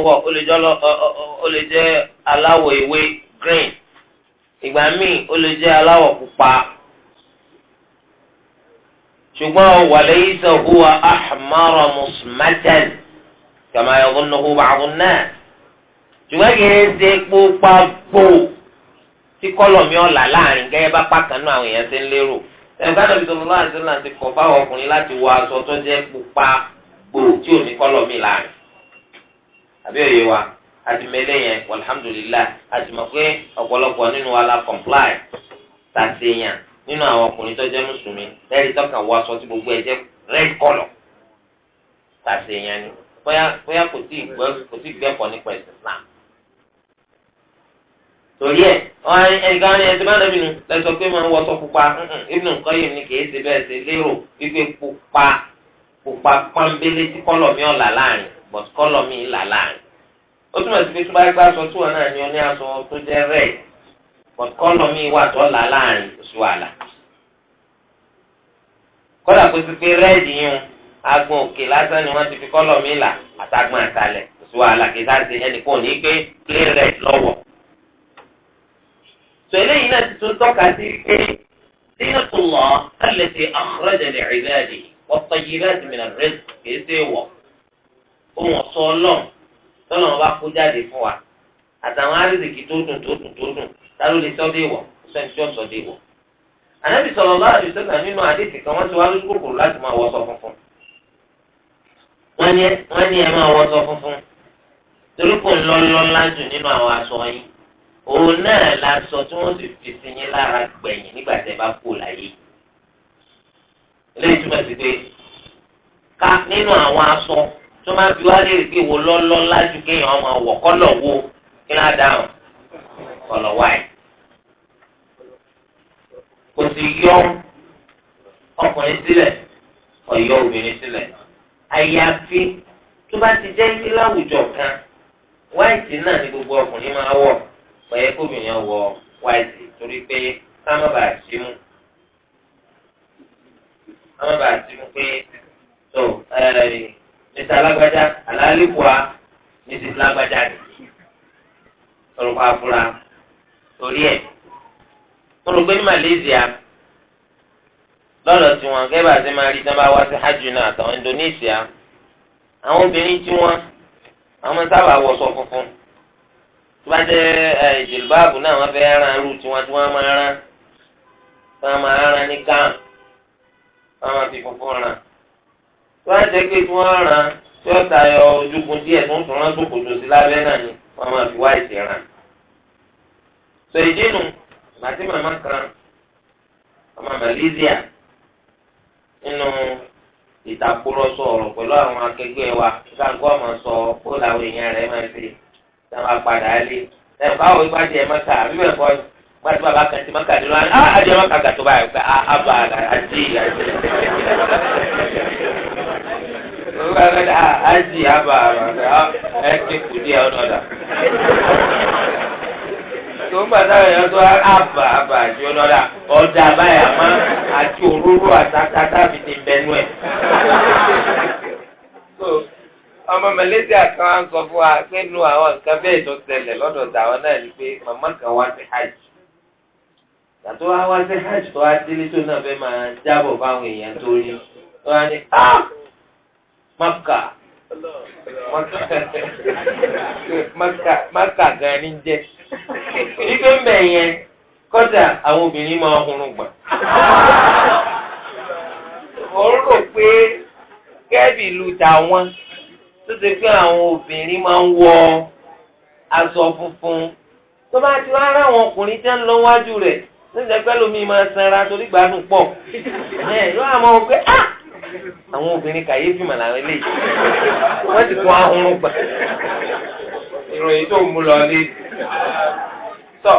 wọn wọ̀ ó lè jẹ́ aláwọ̀ ewé green ìgbà míì ó lè jẹ́ aláwọ̀ pupa ṣùgbọ́n walaysa huwa ahmara musmatan kama yadhunnuhu ba'dun nas ṣùgbọ́n kì í ṣe pupa gbòò tí kọ́lọ̀ mi ọ̀la láàrin gẹ́gẹ́ bá pàkánù àwọn èèyàn ṣe ń lérò ẹ̀gbọ́n mi sọ̀rọ̀ láti ṣe láti kọ̀ fáwọn ọkùnrin láti wọ aṣọ tó jẹ́ pupa gbòò tí ò ní kọ́lọ̀ mi láàrin àbí òye wa àdìmẹ́lẹ́ yẹn alhamdulilayi àdìmọ̀ pé ọ̀pọ̀lọpọ̀ nínú wa la comply tàṣeyàn nínú àwọn ọkùnrin tó jẹ́ mùsùlùmí lẹ́yìn tọ́ka wọ aṣọ tí gbogbo ẹ jẹ́ red colour tàṣeyàn ni bóyá bóyá kò tí ì gbẹ́kọ̀ọ́ nípa ẹ̀sìn Islam torí ẹ ẹnìkan ni ẹsẹ bá dàbí nu lẹsọ pé máa ń wọṣọ pupa Ibn Qayyim ni kì í ṣe bẹ́ẹ̀ ṣe lérò wípé pupa pupa pọ́nbélé tí kọ́lọ̀ mi ọ̀la láàrin but kọ́lọ̀ mi là láàrin ó túmọ̀ sí pé tí wọ́n bá gbá aṣọ tí wọ́n náà ní ọ ní aṣọ tó jẹ́ red but kọ́lọ̀ mi wà tó là láàrin oṣù àlà kọ́lọ̀ pé pípé red yun agbọn òkè lásán ni wọ́n ti fi kọ́lọ̀ mi là àtàgbọn àtàlẹ̀ oṣù àlà kì í sáà ṣe ní pé play red lọ́wọ́ tẹ̀lé yìí náà ti tún tọ́ka sí pé Zinatullah allati akhraja li'ibadihi wat-tayyibati mina rizq kìí ṣe wọ̀ ohun ọ̀sọ́ ọlọ́run tọ́lọ̀ wọn bá kó jáde fún wa àtàwọn arìsìkì tó dùn tó dùn tó dùn ta ló lè sọ dé wọ̀ sẹ́ni tí ó sọ dé wọ̀. ànábì sọ̀rọ̀ bá àdìsọ́ náà nínú àdìsí kan wọ́n ti wá lójú kòkòrò láti máa wọ́sọ funfun. wọ́n ní ẹ máa wọ́sọ funfun torí kò ń lọ lọ́lá nínú àwọn aṣọ yín òun náà la sọ tí wọ́n sì fi sí yín lára gbẹ̀yìn nígbà tẹ́ bá kú láyé. eléyìí túmọ̀ sí pé ká nínú àwọn aṣọ tó máa fi wá léèrè pé wò lọ́lọ́ lájú kéèyàn ọmọ wọ̀ kọ́lọ̀ wo kí náà dáhùn kọ́lọ̀ wáyé. kò sì yọ ọkùnrin sílẹ̀ ọ̀yọ́ obìnrin sílẹ̀ àyàfi tó bá ti jẹ́ sí láwùjọ kan wáìtì ni gbogbo ọkùnrin máa wọ̀ pẹ̀lú kóbìnrin wọ wáìtì torí pé ká má mú ká má níta alágbájá àlálẹ́kùá ní ti lágbájá rẹ̀ ọ̀rùn pa fúnra torí ẹ̀ olùgbé ní Malaysia lọ́dọ̀ tí wọn kẹ́ bá ti máa rí tí wọ́n bá wá sí hajj àtàwọn Indonesia àwọn obìnrin tí wọ́n àwọn sábà wọṣọ funfun tó bá jẹ́ ìjìlbáàbù náà wọ́n fẹ́ rán irú tiwọn tí wọ́n máa rán tí wọ́n máa rán ní gán wọ́n máa fi funfun rán wọ́n á jẹ́ pé tí wọ́n ràn tí wọ́n tayọ ojúkun díẹ̀ tó ń tún rán sókòtò sí lábẹ́ náà ni wọ́n máa fi wá ìsìn ràn. sọ èdè nù bàtí màmá kan ọmọ Malaysia nínú ìtàkùrọ̀sọ ọ̀rọ̀ pẹ̀lú àwọn akẹgbẹ́ wa káńkọ́ ọmọ sọ ó làwọn èèyàn rẹ̀ máa ṣe táwọn apàdà lé ẹ̀ báwo ìpàdé ẹ̀ mọ́ta àbí bẹ́ẹ̀ kọ́ wọ́n ti bàbá kan ti mọ́ta dé lọ́wọ́ ah, àjẹmọ́ka gàtọ́ báyìí pé ah, àbá àti àti. wíwá rẹ̀ a ájì àbà ẹ kéku díẹ̀ ọ̀dọ̀dà. a ń bàtà rẹ̀ yọ tó àbà a àti ọ̀dọ̀dà ọ̀dà báyà má àti òróró àtàtàtà fi ti bẹnu ẹ̀. ọmọ Malaysia kan á sọ fún wa pé nu àwọn nǹkan bẹ́ẹ̀ tó ṣẹlẹ̀ lọ́dọ̀ tàwọn náà ni pé màmá kan wá sí hajj tàtó wá wá sí hajj tó wá délé tó náà fẹ́ máa jábọ̀ fáwọn èèyàn tó rí wọn á ní. Ah! maka maka maka gan ni jẹ ife mbẹ yẹn kọjá àwọn obìnrin máa hunrun gbà ó rò pé kẹ́bì lu tàwọn tó ti pé àwọn obìnrin máa ń wọ aṣọ funfun tó bá ti rárá àwọn ọkùnrin tẹ́ ń lọ wájú rẹ̀ nígbà pẹ́ lómi máa sanra torí gbádùn pọ̀ ẹ̀ lọ́wọ́ àwọn ọkùnrin ah àwọn obìnrin kàyéfì mà làwọn eléyìí wọ́n ti tún ahun gbà ìròyìn tó ń mú lọ ní. tọ́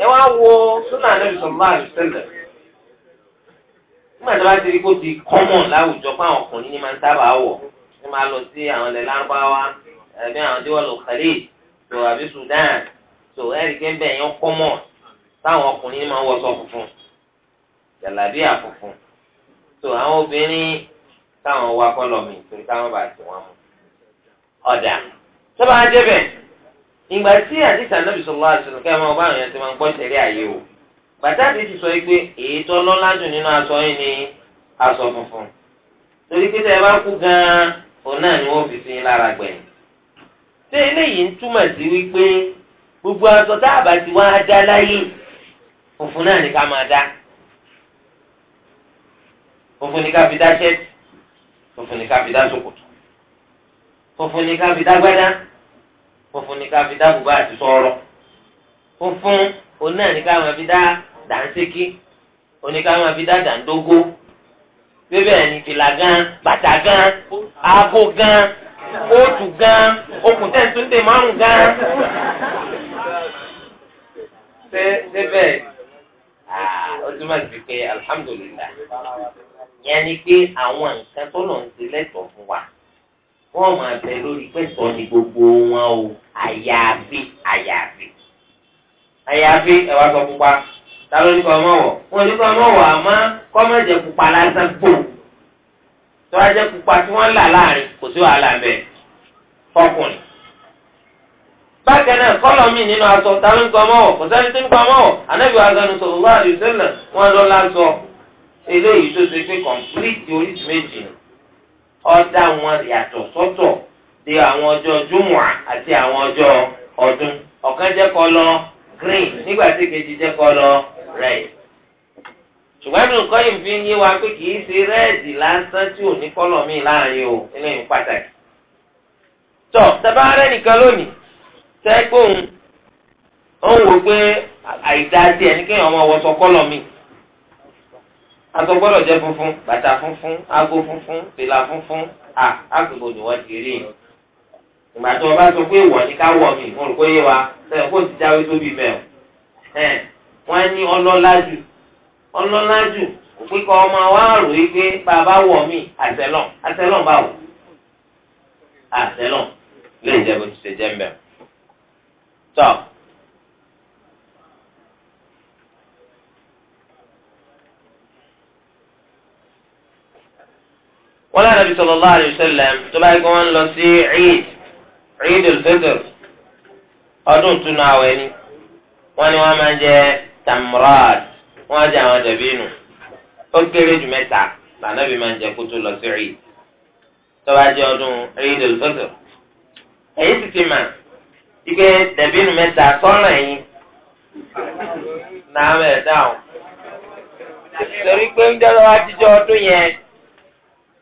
ẹ wá wo súnà níbi sọ̀rọ̀ àlùsẹ̀lẹ̀ nígbà tí wọ́n ti rí kó ti kọ́mọ̀ láwùjọ pé àwọn ọkùnrin ní máa ń sábà wọ̀ ní máa lọ sí àwọn ilẹ̀ lárúbáwá ẹ̀mí àwọn tí wọ́n khalid tó àbí Sudan tó ẹ̀ríkẹ́ ń bẹ̀ yẹn kọ́mọ̀ táwọn ọkùnrin ní máa ń wọ sọ funfun jàlábíà funfun tó àwọn obìnrin táwọn wá kọ́lọ̀ mi torí táwọn bá ti wọn mú ọ̀dà sábà débẹ̀ ìgbà tí àdìsá nàbì sọlá àṣìṣe kẹ́ máa bá àwọn yẹn ti máa ń gbọ́ tẹ̀lé àyè o bàtà ti ti sọ pé èyí lọ́lá jù nínú aṣọ yìí ni funfun torí pé tẹ́ ẹ bá kú gan-an òun náà ni wọ́n fi sí lára gbẹ̀yìn ṣé eléyìí ń túmọ̀ sí wípé gbogbo aṣọ tá a bá funfun ni ká fi dá ṣẹ́ẹ̀tì funfun ni ká fi dá ṣòkòtò funfun ni ká fi dá gbádá funfun ni ká fi dá bùbá àti sọ̀rọ̀ funfun òun náà ni ká máa fi dá dàńṣíkí òun ni ká máa fi dá dàńdógó bébẹ̀ ni fìlà gan bàtà gan aago gan kóòtù gan okùn tẹ̀síntẹ̀ márùn gan ṣé ṣé bẹ́ẹ̀ ó túmọ̀ sí pé alihamudulilayi ìyẹn ni pé àwọn nǹkan tó lọ ń ṣe lẹ́tọ̀ọ́ fún wa wọ́n máa bẹ lórí pẹ̀tọ́ ní gbogbo wọn o àyàfi àyàfi àyàfi ẹ̀wà sọ pupa ta ló ní kọ́ ọmọ wọ̀ wọ́n ní kọ́ ọmọ wọ̀ àmọ́ kọ́ mẹ́jẹ pupa lásán gbò tó wá jẹ́ pupa tí wọ́n là láàrin kò sí wàhálà bẹ́ẹ̀ fọkùnrin bákan náà kọ́lọ̀ mi nínú aṣọ ta ló ní kọ́ ọmọ wọ̀ kò sẹ́ni tí ń kọ́ ọmọ wọ̀ eléyìí tó ṣe pé kọ̀ǹpìlìtì oríṣi méjì ọ̀dà wọn yàtọ̀ sọ́tọ̀ di àwọn ọjọ́ júmùà àti àwọn ọjọ́ ọdún ọ̀kan jẹ́ kọ́lọ̀ green nígbà tí kejì jẹ́ kọ́lọ̀ red ṣùgbọ́n mi nǹkan yìí fi ń yé wa pé kì í ṣe rẹ́ẹ̀dì lásán tí ò ní kọ́lọ̀ míì láàrin o eléyìí pàtàkì tọ́ tẹ́bá rẹ́ nìkan lónìí tẹ́gbóhùn ó ń wò pé àìdáa tiẹ̀ ní kéèyàn ọmọ wọ́sọ aṣọ gbọ́dọ̀ jẹ́ funfun bàtà funfun aago funfun fìlà funfun à àgbègbè ni wọ́n ti rí i ìgbà tí wọ́n bá sọ pé ìwọ ni ká wọ̀ mí mo rò pé yé wa sẹ́yìn kó ti jáwé tóbi bẹ́ẹ̀ ẹ̀ wọ́n ní ọlọ́lá jù ọlọ́lá jù kò pé kọ́ ọmọ wa rò yí pé bàbá wọ̀ mí àtẹ̀lọ̀ àtẹ̀lọ̀ bá wò lè jẹ́ bó ti ṣe jẹ́ mbẹ́ tọ́. wọn lọ́nà bí sallallahu alaihi wasallam tó bá yẹ kí wọ́n lọ sí eid eid al-fitr ọdún tunu àwẹ̀ ni wọ́n ní wọ́n máa ń jẹ tamrad wọ́n jẹ àwọn dàbínù ó kéré jù mẹ́ta lànà bí máa ń jẹ kótó lọ sí eid tó bá jẹ ọdún eid al-fitr sì ti mà ike dàbínù mẹ́ta sọ́nà ẹ̀yìn náà mẹ́ta torí pé ń dẹ́rọ àtijọ́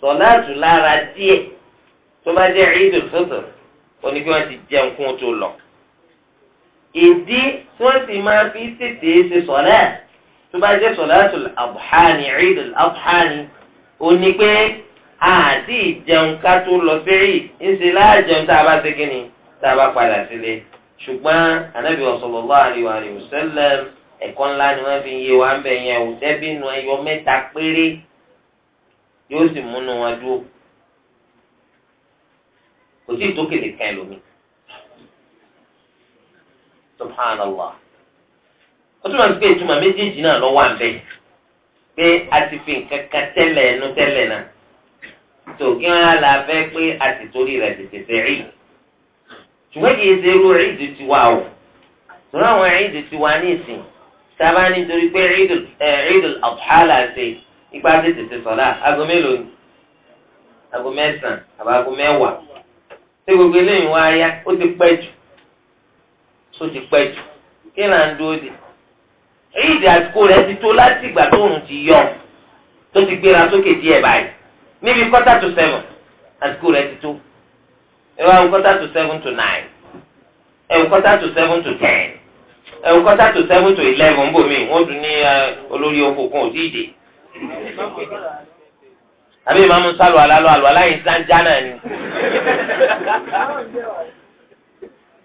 sọláàtù lára díẹ̀ tó bá jẹ́ ìdùn fẹ́tọ̀ òní bí wọ́n ti jẹun kún tó lọ. ìdí tí wọ́n sì máa fi tètè ṣe sọláàtù tó bá jẹ́ sọláàtù àbùhání ìdùn àbùhání òní pé àti ìjẹun ká tó lọ sẹ́yì ńṣe láàjẹun tá a bá ṣe kíni tá a bá padà sílé ṣùgbọ́n anábì sallallahu alaihi wa sallam ẹ̀kọ́ ńlá ni wọ́n fi yé wa ń bẹ̀ yẹn ò mẹ́ta péré yóò sì múnú wọn dúró kò sí ìtókèlè kan lómi subhanallah ó túmọ̀ sí pé ìtumọ̀ méjèèjì náà lọ́wọ́ àbẹ́ pé a ti fi nǹkan kan tẹ́lẹ̀ ẹnu tẹ́lẹ̀ náà tó kí wọ́n á la fẹ́ pé a ti torí rẹ̀ tètè fẹ́ rí ṣùgbọ́n kì í ṣe irú rí ti tiwa o tòun àwọn rí ti tiwa ní ìsìn sábà nítorí pé rí ti ọ̀pá là ṣe ipa tètè ṣe sọ̀lá aago mélòó ni aago mẹ́sàn-án àbá aago mẹ́wàá ṣé gbogbo eléyìí wá yá ó ti pẹ́ jù ó ti pẹ́ jù kí là ń dúró de èyí ìdí àsìkò rẹ̀ ti tó láti ìgbà tó òun ti yọ tó ti gbéra sókè díẹ̀ báyìí níbi kọ́tà to sẹ́wọ̀n àsìkò rẹ̀ ti tó ẹ̀rọ àwọn kọ́tà tó sẹ́wọ̀n tó náì ẹ̀rọ kọ́tà tó sẹ́wọ̀n tó tẹ̀n ẹ̀rọ kọ́tà tó sẹ́wọ̀n tó ilẹ̀wọ̀n bòmí wọ́n tún ní olórí okòókò òdìdè àbí ìmáàmù sálù àlálù àlù aláyé sáńjá náà ni.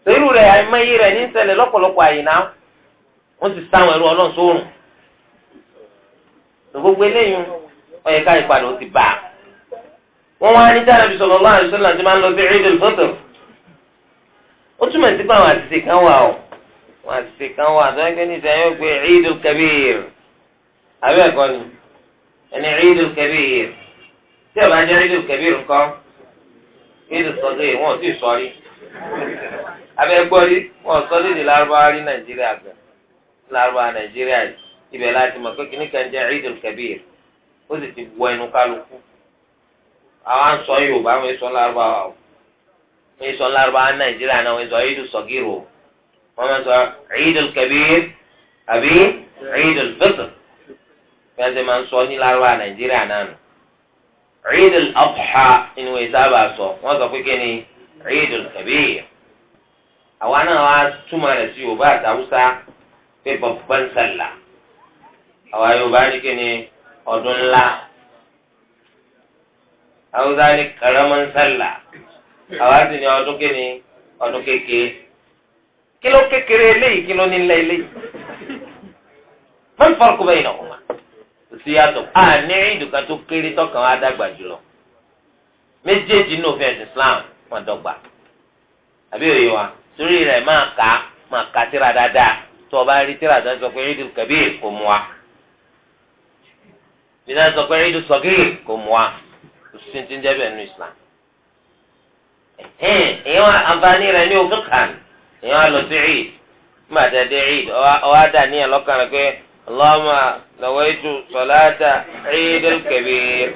sẹ́rù rẹ̀ àìmọye rẹ̀ ní ṣẹlẹ̀ lọ́pọ̀lọpọ̀ àyìnà wọ́n ti sáwọn ẹrú ọlọ́run sóòrùn. gbogbo eléyìí ọyẹ ká ìpàdé ó ti bá a. wọ́n wá ní dára bí sọ̀rọ̀ lọ́wọ́ àdìsọ́lá ti máa ń lọ sí Eidul Fitr. ó túmọ̀ sí pé àwọn àṣìṣe kan wà ó àwọn àṣìṣe kan wà tó ń gbé ní ìsẹ́yìn ó gbé Eidul Kabir àbí ẹ̀kọ́ ni ẹni Eidul Kabir tí ọba jẹ́ Eidul Kabir nǹkan Eidul Saghir wọn ò tí ì sọrí abẹ́gbọ́rí wọn ò sọ lédè lárúbáwá rí nàìjíríà gbẹ̀ lárúbáwá nàìjíríà ibẹ̀ láti mọ̀ pé kìnnìkan ń jẹ́ Eidul Kabir ó sì ti wọ ẹnu kálukú àwọn àǹsọ yorùbá wọn sọ lárúbáwá o wọn sọ lárúbáwá nàìjíríà náà wọn sọ Eidul Saghir wọn máa sọ Eidul Kabir àbí Eidul Fitr fẹsẹ máa ń sọ ní lárúbá nàìjíríà náà nù Eid al-Adha inú ìsábà sọ wọn sọ pé kí ni Eid al-Kabir àwa náà wá túmọ̀ rẹ̀ sí yorùbá àti haúsá pé babban sallah àwa yorùbá ní kí ni ọdún ńlá haúsá ní karaman sallah àwa sì ní ọdún kí ni ọdún kékeré kí ló kékeré eléyìí kí ló ní ńlá eléyìí man farqu baynahuma. kò a ní ìdùkà tó kéré tọkàn á dàgbà jùlọ méjèèjì ní òfin ẹ̀sìn Islam wọn dọ́gba àbí òye wa torí rẹ̀ máa kà máa kà tíra dáadáa tó o bá rí tíra dáadáa sọ pé ìdù kò mú wa Islam èèyàn àǹfààní rẹ̀ ní òkè kan èèyàn lọ sí ìd nígbà tí a dé اللهم نويت صلاة عيد الكبير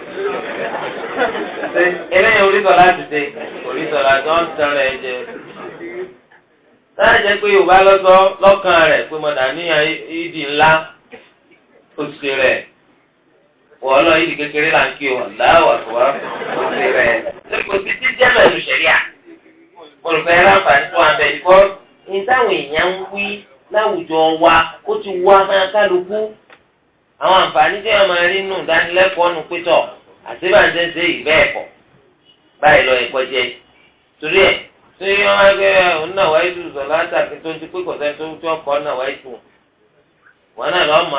eléyìí orí sọlá ti dé orí sọlá tí wọn tẹ pé yorùbá lọsọ lọ́kàn rẹ̀ pé mo dàníyàn ìdí ńlá oṣù rẹ̀ wọ́n lọ ìdí kékeré là ń kí o kò sí ráńpà láwùjọ wa ó ti wá máa kálukú àwọn àǹfààní tí wọn máa rí nù dánilẹ́kọ̀ọ́ nù pétọ̀ àtibàjẹ́ báyìí lọ ẹ̀kọ́ jẹ torí ẹ̀ tí wọ́n máa gbé òun náà wáyé tó sọ látàkì tó ti pé tó ọkọ̀ náà wáyé tó wọn náà lọ́ọ́ mọ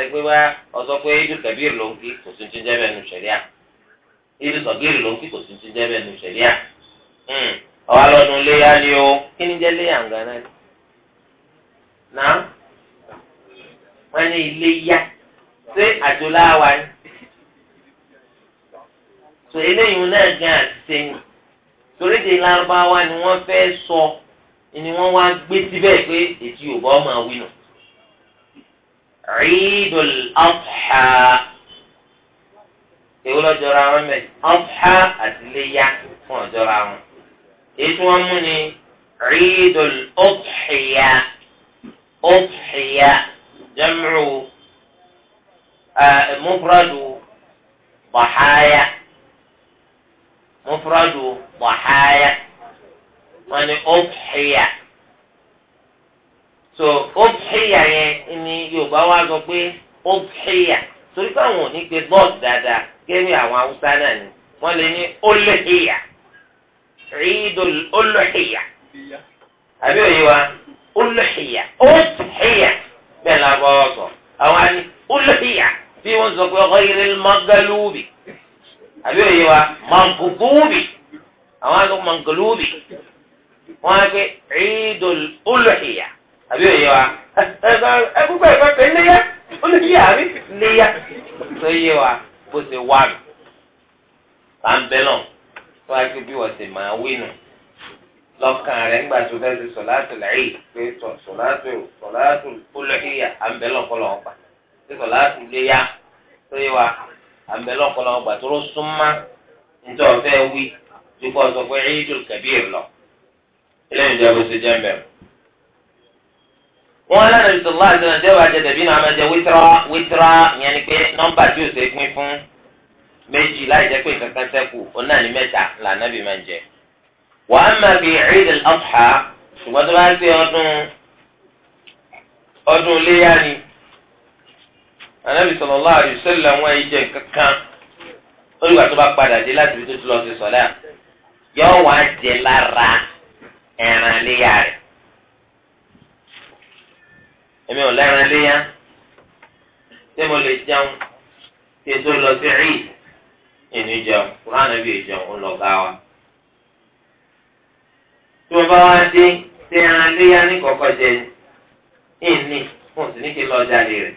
rẹ pé wá ọsọ pé idu kabir ló ń kí kò sí sẹ̀ríà idu kabir ló ń náà wọ́n ní ilé yá ṣé àjọlá wa ni tò eléyìí náà gan àtìsẹ ni torí de lárúbáwá ni wọ́n fẹ́ sọ ni wọ́n wá gbé síbẹ̀ pé èsì ò bọ́ máa wí nù. Eidul Adha èwo lọ jọra wọn mẹ Adha àti fún ọjọra wọn èyí tí wọ́n mú ni Eidul Udhiya. أضحية جمع مفرد ضحايا مفرد ضحايا يعني أضحية so أضحية yẹn ni Yorùbá wa sọ pé أضحية torí pé àwọn ò ní pe bọ́ọ̀dù dáadáa kébì ni wọ́n lè ní àbí òye wa. olùhìyà òtìhìyà bẹ́ẹ̀ la bọ́ sọ àwọn àni olùhìyà bí wọ́n sọ pé ọ̀rẹ́rẹ́ mọ́gàlúbì àbí òye wa mọ̀nkùkùbì àwọn àni mọ̀nkùlúbì wọ́n á pé ìdòl olùhìyà àbí òye wa ẹgbẹ́ ẹgbẹ́ pé léyà olùhìyà àbí léyà tó yé wa bó ṣe wà mí. bá ń bẹ́ lọ tó wá bí wọ́n ṣe máa wí nù lọ́kàn rẹ̀ ńgbà tó fẹ́ ṣe sọ̀láàtù lẹ́yìn pé sọ̀láàtù sọ̀láàtù olóyè àmbẹ́lọ́kọlọ́ ọgbà pé sọ̀láàtù léyà tó yẹ wa àmbẹ́lọ́kọlọ́ ọgbà tó ló súnmọ́ níta ọ̀fẹ́ wí tó kọ́ sọ pé Eidul Kabir lọ. eléyìí jẹ́ bó ṣe jẹ́ mbẹ́. wọ́n lẹ́nu ìṣòlá àti ìjọba àjẹ dẹ̀bí náà máa jẹ wítrọ́ wítrọ́ yẹn ni pé nọ́mbà tí ò ṣe pín fún méjì láì jẹ́ pé kankan sẹ́kù ó náà ní mẹ́ta làánàbì wa amma bi Eid al-Adha ṣùgbọ́n tó bá ń gbé ọdún ọdún léyà ni anabi sallallahu alaihi wasallam wọn yìí jẹ kankan olùgbà tó bá padà dé láti ibi tó ti lọ sí sọlá yóò wá jẹ lára ẹran léyà rẹ̀ èmi ò lẹ́ran léyà tí mo lè jẹun tí ètò lọ sí rí ìní jẹun kúránà bí ìjẹun ń lọ gáwa tí wọ́n bá wá dé ṣe ẹran léyà ní kọ̀ọ̀kan jẹ ìní fún òsì ní kí n lọ jáde rẹ̀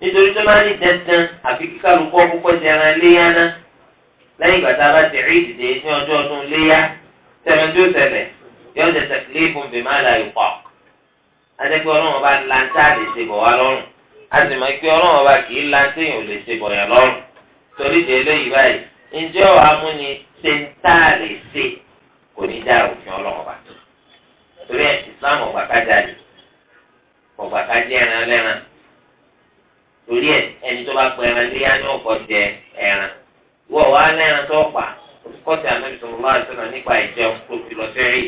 nítorí tó máa ní dandan àfi kíkálukú ọkọ̀ jẹ ẹran léyà náà lẹ́yìn ìgbà tá a bá ti rí ìdìde ní ọjọ́ ọdún léyà tẹ̀mẹ̀ tó ṣẹlẹ̀ yọ jẹ tẹ̀lé fún bèmí àlàyé pọ̀ adẹ́gbẹ́ ọlọ́run ọba lantá lè ṣe bọ̀ wá lọ́rùn a sì máa gbé ọlọ́run ọba kì í lantá èèyàn lè ṣe bọ̀ yẹn lọ́rùn torí ìdè eléyìí báyìí ǹjẹ́ ọ̀ amúni ṣe ń tá ṣe kò ní dá òfin ọlọ́run ọba torí ẹ̀sìn islam ọ̀gbà kájà lè ọ̀gbà kájà ẹran lẹ́ran torí ẹ̀ ẹni tó bá pẹ́ ẹran léyà ní ọ̀pọ̀ jẹ ẹran wọ́n wá lẹ́ran tó pa olùkọ́sí àmì sọ̀rọ̀ láti sọ̀rọ̀ nípa ìjẹun tó sẹ́rí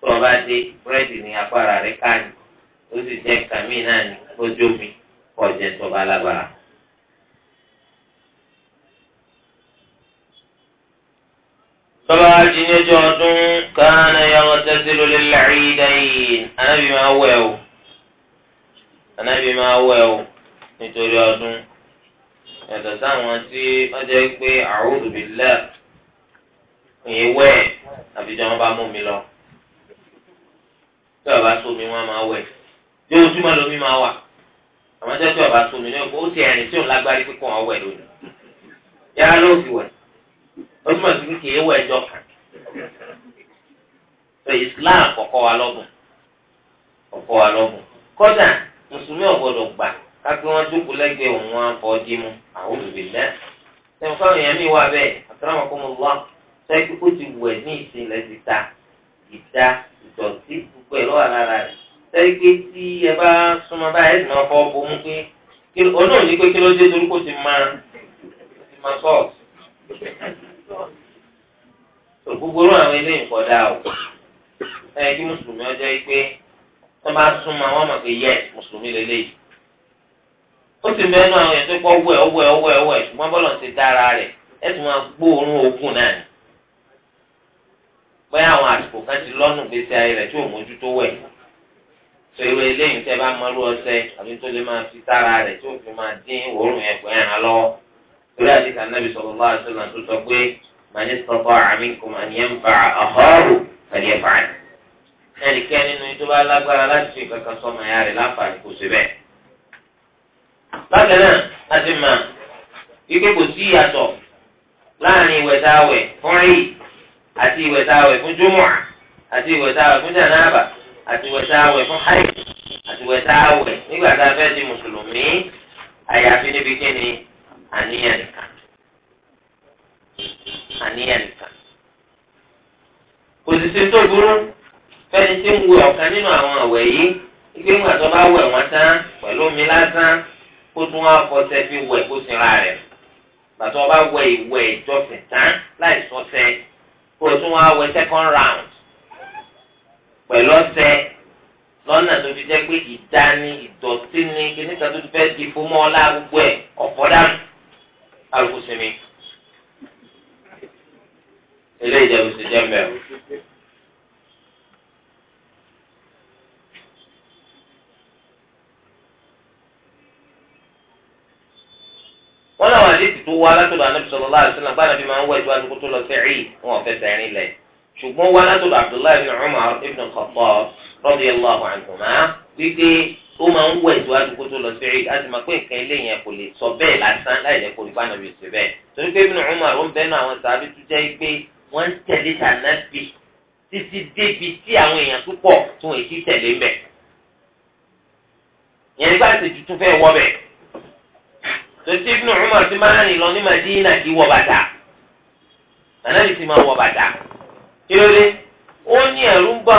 tó o bá dé búrẹ́dì ní apára rẹ̀ káàní ó sì jẹ́ kàmí náà ní ojú mi ọ̀jẹ̀ tó bá lágbára. tọ́ba ajínyẹ́jọ́ ọdún kánà yàrá tẹ́sílò lílẹ̀ ìdáyìn anábì máa wẹ̀ o anábì máa wẹ̀ o nítorí ọdún yàtọ̀ sáwọn tí wọ́n jẹ́ pé àwòrán bíi lẹ́ẹ̀ èyí wẹ̀ àbíjọ́ wọn bá mú mi lọ tí ọba sómi wọn máa wẹ̀ yóò túmọ̀ lómi máa wà àmọ́ jẹ́ tí ọba sómi náà kó tiẹ̀ rìn tí òun lágbárí pípọ̀ wọn wẹ̀ lónìí yàrá ló fi wẹ̀ ó túmọ̀ sí kí ewu ẹjọ́ kan so Islam kọ̀kọ́ wa lọ́gùn kọ̀kọ́ wa lọ́gùn kódà mùsùlùmí ọ̀gbọ́dọ̀ gbà kápẹ́ wọn jókòó lẹ́gbẹ̀ẹ́ òun wọn fọ́ dí mu àwọn olùbílẹ̀ ṣẹ́ni fáwọn èèyàn mi wà bẹ́ẹ̀ àtàràmọ̀ kó mo wá sẹ́kí ó ti wù ẹ́ ní ìsinlẹ̀ ti ta ìta ìdọ̀tí gbogbo ẹ̀ lọ́wọ́ lára rẹ̀ sẹ́kí pé tí ẹ bá súnmọ́ báyìí ẹ̀sìn náà fọ́ bomú pé òun náà ní pé kí ló dé torí kó ti máa ti máa sọ́ọ̀tù gbogbo irú àwọn ilé ìkọdá o ẹ kí mùsùlùmí ọjọ́ yìí pé wọ́n bá súnmọ́ wọ́n mọ̀ pé yẹ mùsùlùmí lélẹ́yìí ó sì mẹ́nu àwọn ètò ìpọ́ wẹ̀ ọwẹ́ ọwẹ́ ọwẹ́ ṣùgbọ́n bọ́lọ̀ ti dára rẹ̀ ẹ sì máa gbóòórùn ogun náà ni bẹ́ẹ̀ àwọn àsìkò kan ti lọ́nù gbèsè ayé rẹ̀ tí ò mójútó wẹ̀ sọ irú eléyìí tẹ́ bá mọ́rú ọṣẹ àbí tó lè máa fi sára rẹ̀ tí ò fi máa dín òórùn yẹn pẹ̀lú ẹ̀ràn lọ́wọ́ torí àdìsí anábì sallallahu alaihi wasallam tó sọ pé màní sọ̀kọ́ minkum an yanfa'a akhahu falyaf'al. ẹnìkẹ́ nínú yìí tó bá lágbára láti ṣe kankan sọmọ ẹ̀yà rẹ̀ láǹfààní kò sí bẹ́ẹ̀. bákan náà láti mọ wípé kò sí ìyàtọ̀ láàrin ìwẹ̀ táwẹ̀ fún rí àti ìwẹ̀ fún júmọ̀ àti ìwẹ̀ fún jànáàbà àti ìwẹ̀ fún háì àti ìwẹ̀ nígbà tá a fẹ́ di mùsùlùmí àyàfi níbi kíni àníyàn nìkan àníyàn nìkan òṣìṣẹ́ tó burú fẹ́ni tí ń wo ọ̀kan nínú àwọn àwẹ̀ yìí ike ńgbà tó bá wẹ̀ wọ́n tán pẹ̀lú omi lásán kó tún wá fọṣẹ fi wẹ̀ kó sinra rẹ̀ gbàtọ́ bá wẹ̀ ìwẹ̀ ìjọsìn tán láì sọṣẹ kó tún wá wẹ̀ second round pẹ̀lú ọṣẹ lọ́nà tó fi jẹ́ pé ìdání ìdọ̀tí ni kíníkà tó ti fẹ́ di fún mọ́ ọ́lá gbogbo ẹ̀ ọ̀fọ́ alùpùpù sinmi ilé ìjẹun ti jẹ mbẹ. wọn làwọn àdéhùn tó wá látọ̀dọ̀ anábì sọlọ láàrin sílẹ̀ gbọ́dọ̀ bí máa ń wọ ìjọ àdúgbò tó lọ sí ẹ̀yìn wọn ò fẹsẹ̀ rìn lẹ̀ ṣùgbọ́n wá látọ̀dọ̀ abdullahi ibn umar ibn khattab radiyallahu anhuma wípé ó máa ń wọ ìtúwájú kó tó lọ sí ẹ̀yìn láti máa pé nǹkan ilé yẹn kò lè sọ bẹ́ẹ̀ lásán láì lẹ́kọ̀ọ́ nípa nàbì sí bẹ́ẹ̀ torí pé Ibn Umar ó ń bẹ́nu àwọn sàbí tó jẹ́ pé wọ́n ń tẹ̀lé tànàbì títí débi tí àwọn èèyàn tó pọ̀ tó èyí tẹ̀lé mbẹ̀. ìyẹn nígbà tí tuntun fẹ́ wọ bẹ̀ tòtí Ibn Umar ti máa rìn lọ ní Madina kí wọ bàtà nànàbì ti máa wọ bàtà kí ló dé ó ní ẹ̀rú ń bá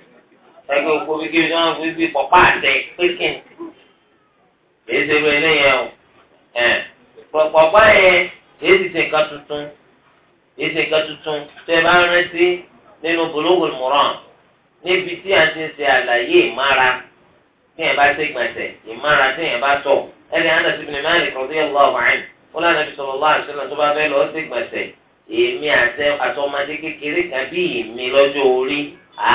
ẹgbẹ́ òkú bí kébí wọn fi bí pọ̀pá àtẹ pékin èyí ṣe bẹ́ẹ̀ lẹ́yìn o ẹ̀ pọ̀pá yẹn èyí ti ṣe nǹkan tuntun èyí ṣe nǹkan tuntun tẹ bá ń rántí nínú Bulughul Maram níbi tí a ti ń ṣe àlàyé ìmára tí yẹn bá ṣe gbẹ̀sẹ̀ ìmára tí yẹn bá tọ̀ ẹni Anas ibn Malik radiyallahu anhu wọn lànà Nabi sallallahu alaihi wasallam tó bá fẹ́ lọ ṣe gbẹ̀sẹ̀ èmi àti àtọmọdé kékeré kan bí èmi lọ́jọ́ orí a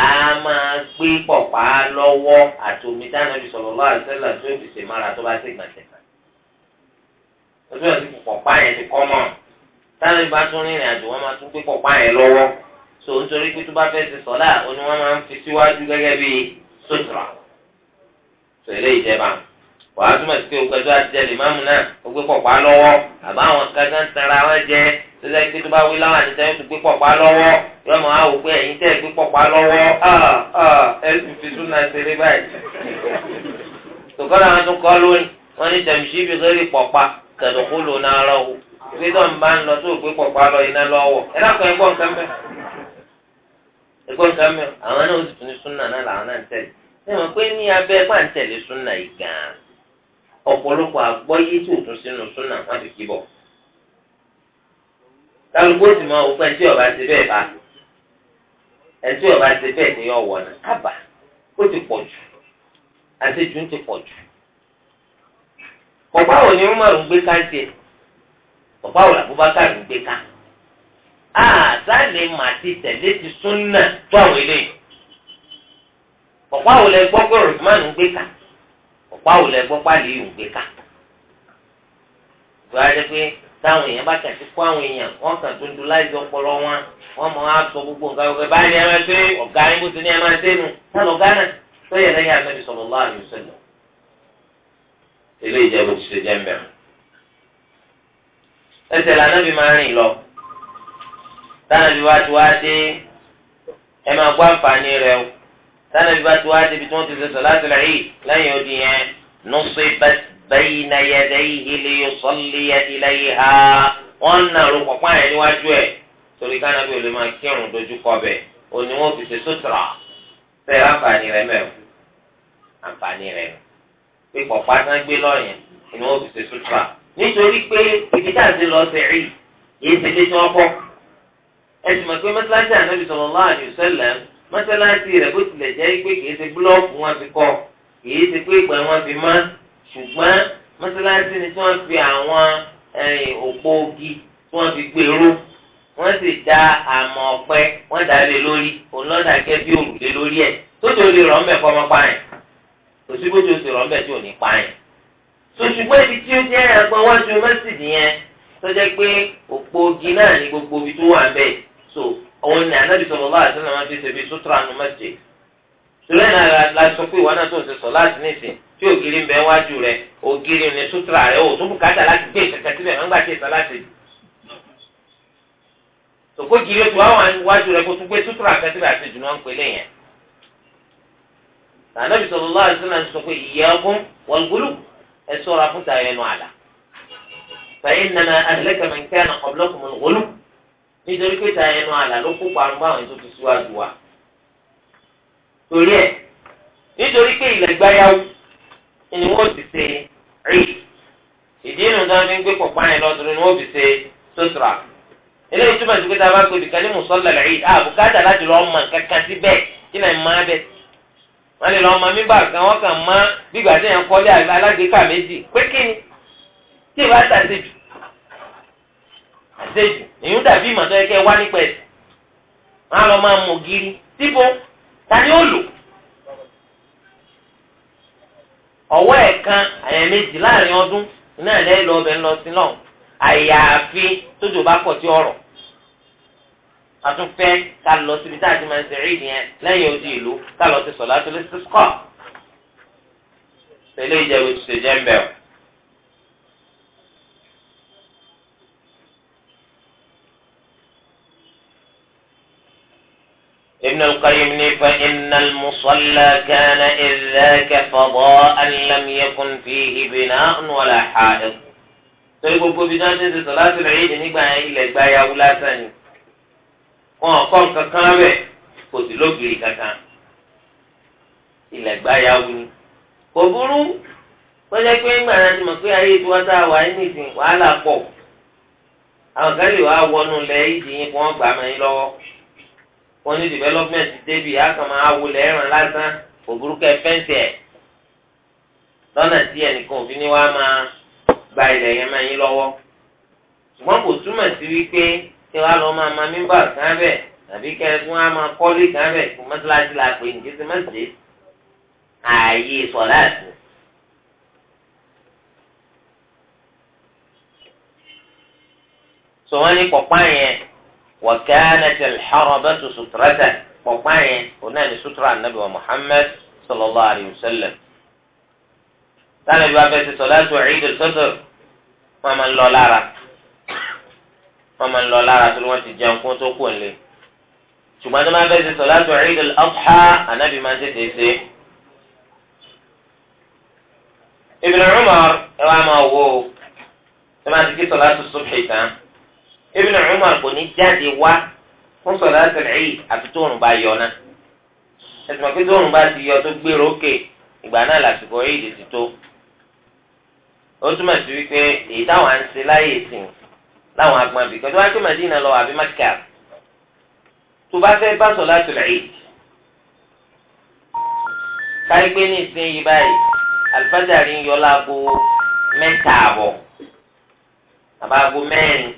máa gbé pọ̀pá lọ́wọ́ àtòmí tánàbí sallallahu alaihi wasallam tó fi ṣe mára tó bá ṣe gbàtẹ̀. lọ́jọ́ ìsìnkú pọ̀pá yẹn ti kọ́ mọ́ tánàbí bá tún rìnrìn àjò wọn máa tún gbé pọ̀pá yẹn lọ́wọ́ tó nítorí pé tó bá fẹ́ ṣe sọ́lá òní wọ́n máa ń fi síwájú gẹ́gẹ́ bí sótìrà tó ilé ìjẹba wàá túmọ̀ sí pé ògbẹ́jọ́ àti jẹ́ lè má sọdọ yìí tó bá wí láwọn àti sẹyìn tó gbé yọọ mọ àwọn òpin ẹ̀yìn tẹ gbé pọpá lọ́wọ́ ẹsùn fi tún náà ṣeré báyìí. tòkọ́ làwọn tún kọ́ lónìí wọ́n ní tẹ̀mísí fi sórí pọpá kẹ̀dùkú lò náà lọ́wọ́ gbé tó ń bá ń lọ tó gbé lọ iná lọ́wọ́ ẹ dákun ẹgbọ́n nǹkan ẹgbọ́n àwọn náà ó sì tún ní súnà náà làwọn náà kálukú sì mọ òkú ẹtí ọba ti bẹ́ẹ̀ bá ẹtí ọba ti bẹ́ẹ̀ ní ọ̀wọ̀ náà kábà ó ti pọ̀ jù àṣejù ti pọ̀ jù. ọ̀pá òní Umar ń gbé ká tiẹ̀ ọ̀pá òní Abubakar ń gbé ká. àtàlẹ́ màtí tẹ̀lé ti súnà tó àwọn eléyìí. ọ̀pá òní ẹgbọ́ pé Usman ń gbé ká ọ̀pá òní ẹgbọ́ pálí ń gbé ká. ìgbà rẹ pé táwọn èèyàn bá tẹ̀sí kó àwọn èèyàn wọ́n kàn dúdú láìsí ọpọlọ wọn wọ́n mọ̀ á sọ gbogbo nǹkan ọ̀gá báyìí ni ẹ máa ṣe ọ̀gá yín bó ti ní ẹ máa ṣe nu sálọ gánà tó yẹ lẹ́yìn àtẹ́bí sọ̀rọ̀ lọ́wọ́ àmì ìṣẹ̀lẹ̀. ilé ìjẹ́bù ti ṣe jẹ́ ń bẹ̀rù. ẹsẹ̀ lànàbí máa rìn lọ tánàbí wá ti wá dé ẹ máa gbọ́ àǹfààní rẹ o tánàbí wá ti wá dé ibi tí بين يديه ليصلي إليها wọ́n na ro pọ̀pọ̀ yẹn níwájú ẹ̀ torí ká nàbí olè máa kírun dojúkọ bẹ̀ òní wọ́n fi ṣe sutra bẹ́ẹ̀ àǹfààní rẹ̀ mẹ́rin àǹfààní rẹ̀ pé pọ̀pọ̀ àtàn gbé lọ́yìn òní wọ́n fi ṣe sutra nítorí pé ibi tá à ti lọ sí rí yìí ti lé tí wọ́n kọ́ ẹ̀sìn mọ̀ pé mọ́tíláṣí ànábì sallallahu alaihi wasallam mọ́tíláṣí ṣùgbọ́n mọ́sálásí ni tí wọ́n fi àwọn òpó ogi tí wọ́n fi gbèrú wọ́n sì da àmọ̀ ọ̀pẹ wọ́n dà lé lórí òǹlọ́dà gẹ́gẹ́ bí òrùlé lórí ẹ̀ tójú olè rọ̀ ń bẹ̀ kọ́ ọmọ pààyàn kò sí bójú oṣù rọ̀ ń bẹ̀ tí ò ní pààyàn sòṣùgbọ́n ibi tí ó jẹ́ ẹ̀gbọ́n wájú mẹ́sìdì yẹn tó jẹ́ pé òpó igi náà ní gbogbo ibi tó wà bẹ́ẹ̀ so òun ni ànábì bá àti sílẹ̀ náà la sọ pé ìwọ náà tó ń ṣe sọ láti nísìn tí ògiri ń bẹ wájú rẹ ògiri ní sútúrà rẹ ò tún bùkátà láti gbé ìkẹkẹ síbẹ̀ nígbà tí ìsọ láti tòkó giri tó àwọn wájú rẹ kó tún gbé sútúrà kẹsíbẹ̀ àti ìdùnnú pèlè yẹn. sọ pé ẹ fún ẹnu àlà. nítorí pé ẹnu àlà ló torí ike nítorí pé ilẹ̀ gbáyàwó ni wọ́n ti ṣe rí ìdí inú tí wọ́n fi ń gbé pọ̀pá yẹn lọ́dún ni wọ́n fi ṣe sotra eléyìí túmọ̀ sí pé tá a bá pè bìkan ní mùsọ̀lá rẹ̀ yìí láti lọ́ọ́ mọ̀ kankan síbẹ̀ kí náà máa bẹ̀ wọ́n lè lọ́ọ́ mọ mímbà kan wọ́n kàn mọ́ gbígbà tí yẹn kọ́lé alágbèéká méjì pé kí ni tí ìbá tàṣejù àṣejù èyí ń dàbí ìmọ̀ tó yẹ kẹ́ wá tani ó lò ọwọ́ ẹ̀ kan àyàn méjì láàrin ọdún iná ẹ̀ lẹ́yìn lọ́ọ́ bẹ̀ ń lọ sí náà àyàfi tójò bá pọ̀ tí ọ̀rọ̀ àtúnfẹ́ ká lọ síbi tá a ti máa ń sẹ̀rí ìdíyẹn lẹ́yìn odi ìlú ká lọ sí sọ̀lá tó lè sí skọ́ pẹ̀lú ìjẹ́wé tó ṣe jẹ́ ń ابن القيم ní فإن المصلى كان إذ ذاك فضاء لم يكن فيه بناء ولا حائط. torí gbogbo bí wọ́n ṣe ti sọ̀láṣí rẹ̀ yìí nígbà ilẹ̀ gbayàwó lásán ni wọn kọ́ kankan rẹ̀ kò sí lóbìrì kankan ilẹ̀ gbayàwó ni kò burú wọ́n jẹ́ pé ńgbà náà ti mọ̀ pé ayé tí wọ́n tá a wà ní ìsìn wàhálà pọ̀ àwọn kan lè wá wọnú lẹ́yìn ìdí yín kí wọ́n gbà mọ́ yín lọ́wọ́ wọ́n ní development débi àkàmọ́ awolẹ̀ ẹ̀ràn lásán òbúrúkọ ẹ̀fẹ́ǹsì ẹ̀ lọ́nà tí ẹnìkan òfin ni wàá máa gba ilẹ̀ yẹn máa yín lọ́wọ́ ṣùgbọ́n kò túmọ̀ sí wípé kí wàá lọ máa ma mímbà kan bẹ̀ tàbí kí ẹni tí wọ́n á máa kọ́lé kan bẹ̀ kó mọ́tíláṣí la pè ní kí mọ́tíláṣí ààyè sọ̀láàtì. sọ wọ́n ní pọ̀pá yẹn. وكانت الحربة سترته pọ̀npọ́n yẹn onáà ní sutura anabi wa muhammed sallallahu alayhi wa sallam sani bí wàá fẹ́ ti sọ̀lá tó ciid al-fitr wọ́n máa ń lọ lára wọ́n máa ń lọ lára tó wọ́n ti jẹun kó tó kún lé ṣùgbọ́n tó máa fẹ́ ti sọ̀lá tó ciid al-adha anabi máa ń tètè ṣe. ibn umar ẹ wá máa wò ó ẹ máa ti kí sọ̀lá tó subhi tán. Ibn Umar kò ní jáde wá fún sọláàtì Eid àti tóorùn bá yọ náà ẹsùn pé tóorùn bá ti yọ tó gbèrò òkè ìgbà náà lásìkò Eid ti tó ó túmọ̀ sí wípé èyí táwọn à ń ṣe láyé ìsìn láwọn agbọn bì kọjú wá pé Madina lọ àbí Mẹ́kà tó bá fẹ́ bá sọláàtì Eid káyí pé ní ìsìn yìí báyìí alifájà rí ń yọ láago mẹ́ta àbọ̀ àbáago mẹ́rin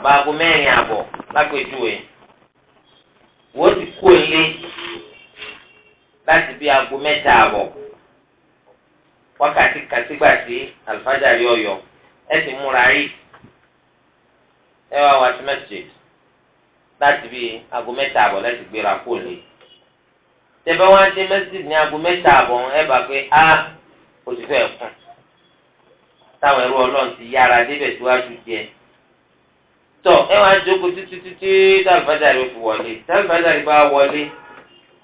àbáago mẹ́rin àbọ̀ lápèjúwe wọ́n ti kó ilé láti bí aago mẹ́ta àbọ̀ wákàtí kàtígbà sí àlùfáàjà rí ọyọ ẹ sì múra rí ẹ wá wá sí mẹsìlẹ láti bí aago mẹ́ta àbọ̀ láti gbéra kó lé tẹbẹ wọn á dé ní aago mẹ́ta àbọ̀ ẹ bá pé a òṣìṣẹ́ ẹ̀kún táwọn ẹrú ọlọ́run ti yára débẹ̀ síwájú díẹ̀ tọ ẹ wá jókòó títí títí tàlùfájàre fi wọlé tàlùfájàre bá wọlé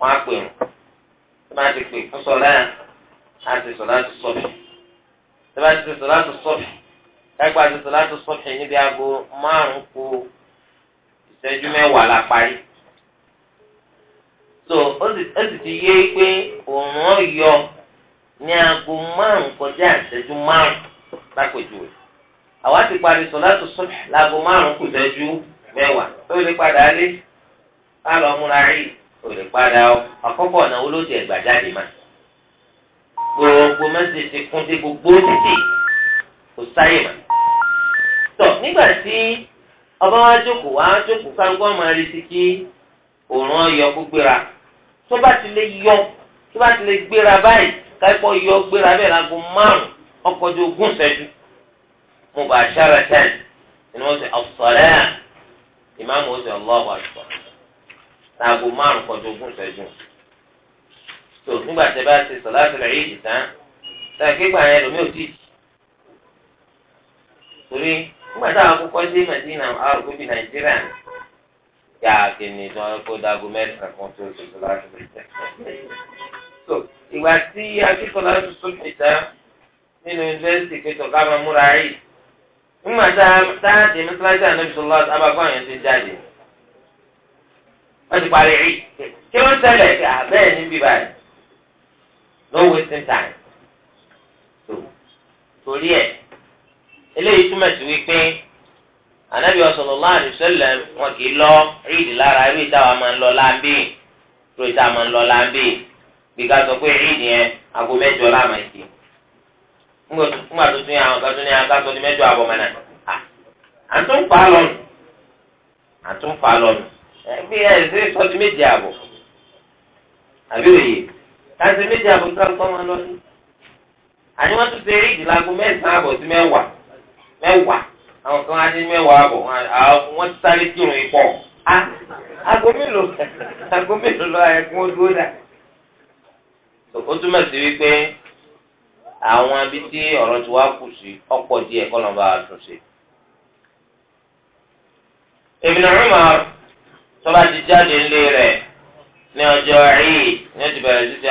wọn á pè wọn tó bá ti pè fún sọlá á ti sọlá tó sọfì tó bá ti sọlá tó sọfì ẹgbàá ti sọlá tó sọfì níbi aago márùn kù ìṣẹ́jú mẹ́wàá la parí so ó sì ti yé pé òun yọ ní aago márùn kọjá ìṣẹ́jú márùn lápèjúwe àwa ti parí sọ̀látù subh láago márùn-ún kù tẹ́jú mẹ́wàá ó lè padà lé ká lọ múra rí ó lè padà ọ àkọ́kọ́ ọ̀nà wo ló ti ẹ̀gbà jáde má. gbogbo mẹ́sì ti kún sí gbogbo títì kò sáyè má. tọ̀ nígbà tí ọba wa jókòó wa jókòó káńgó ọmọ rẹ ti kí òòrùn ọyọ kó tó bá ti lè yọ tó bá ti lè gbéra báyìí káyipọ̀ yọ gbéra bẹ́ẹ̀ láago márùn-ún ojú ogún ṣẹ́jú mubasharatan ni wọ́n sọ ọ̀sọ̀rẹ́ ìmáàmù ó sọ Allahu Akbar taago márùn kọjú ogún ìṣẹ́jú tó nígbà tẹ bá ṣe sọ̀láṣẹ̀ rẹ̀ yìí tán táà gbégbà yẹn lómi ò tí ì torí nígbà táwọn akókò dé Mẹdínà àrùkú bíi Nàìjíríà ni yàá kìíní tí wọn kó dago mẹ́ta kan tó ṣe sọ̀láṣẹ̀ rẹ̀ tẹ̀. tó ìgbà tí akíkọ̀ọ́ láti sọ̀tẹ̀ tán nínú yunifásitì pé tọ́ka máa múra yìí. nígbà tá a dé ní kíláàsì ànábì sọlá abakọ yẹn ti jáde wọ́n ti parí rí kí ló ń tẹ̀lé no wasting time torí ẹ̀ eléyìí túmọ̀ sí wípé ànábì sallallahu alaihi wasallam wọn kì í lọ ríìdì lára irú ìtawà máa ń lọ láńbí irú ìtawà máa ń lọ láńbí bí sọ pé ríìdì yẹn aago láàmà ńgbà tó tún yà àwọn kan tó ní aká tó ní mẹ́jọ àbọ̀ mẹ́nà à ń tún fà á lọ́nu à ń tún fà á lọ́nu ẹgbẹ́ ẹ̀sìn sọ́dún méje àbọ̀ àbí òye káṣí méje àbọ̀ tó ń kọ́ wọn a lọ àwọn abí tí ọ̀rọ̀ ti wá kù sí ọ̀pọ̀ díẹ̀ kọ́ lọ́nà bá a tún ṣe. Ibn Umar tọ́lá ti jáde ńlé rẹ̀ ní ọjọ́ ní ọjọ́ bẹ̀rẹ̀ sí ṣe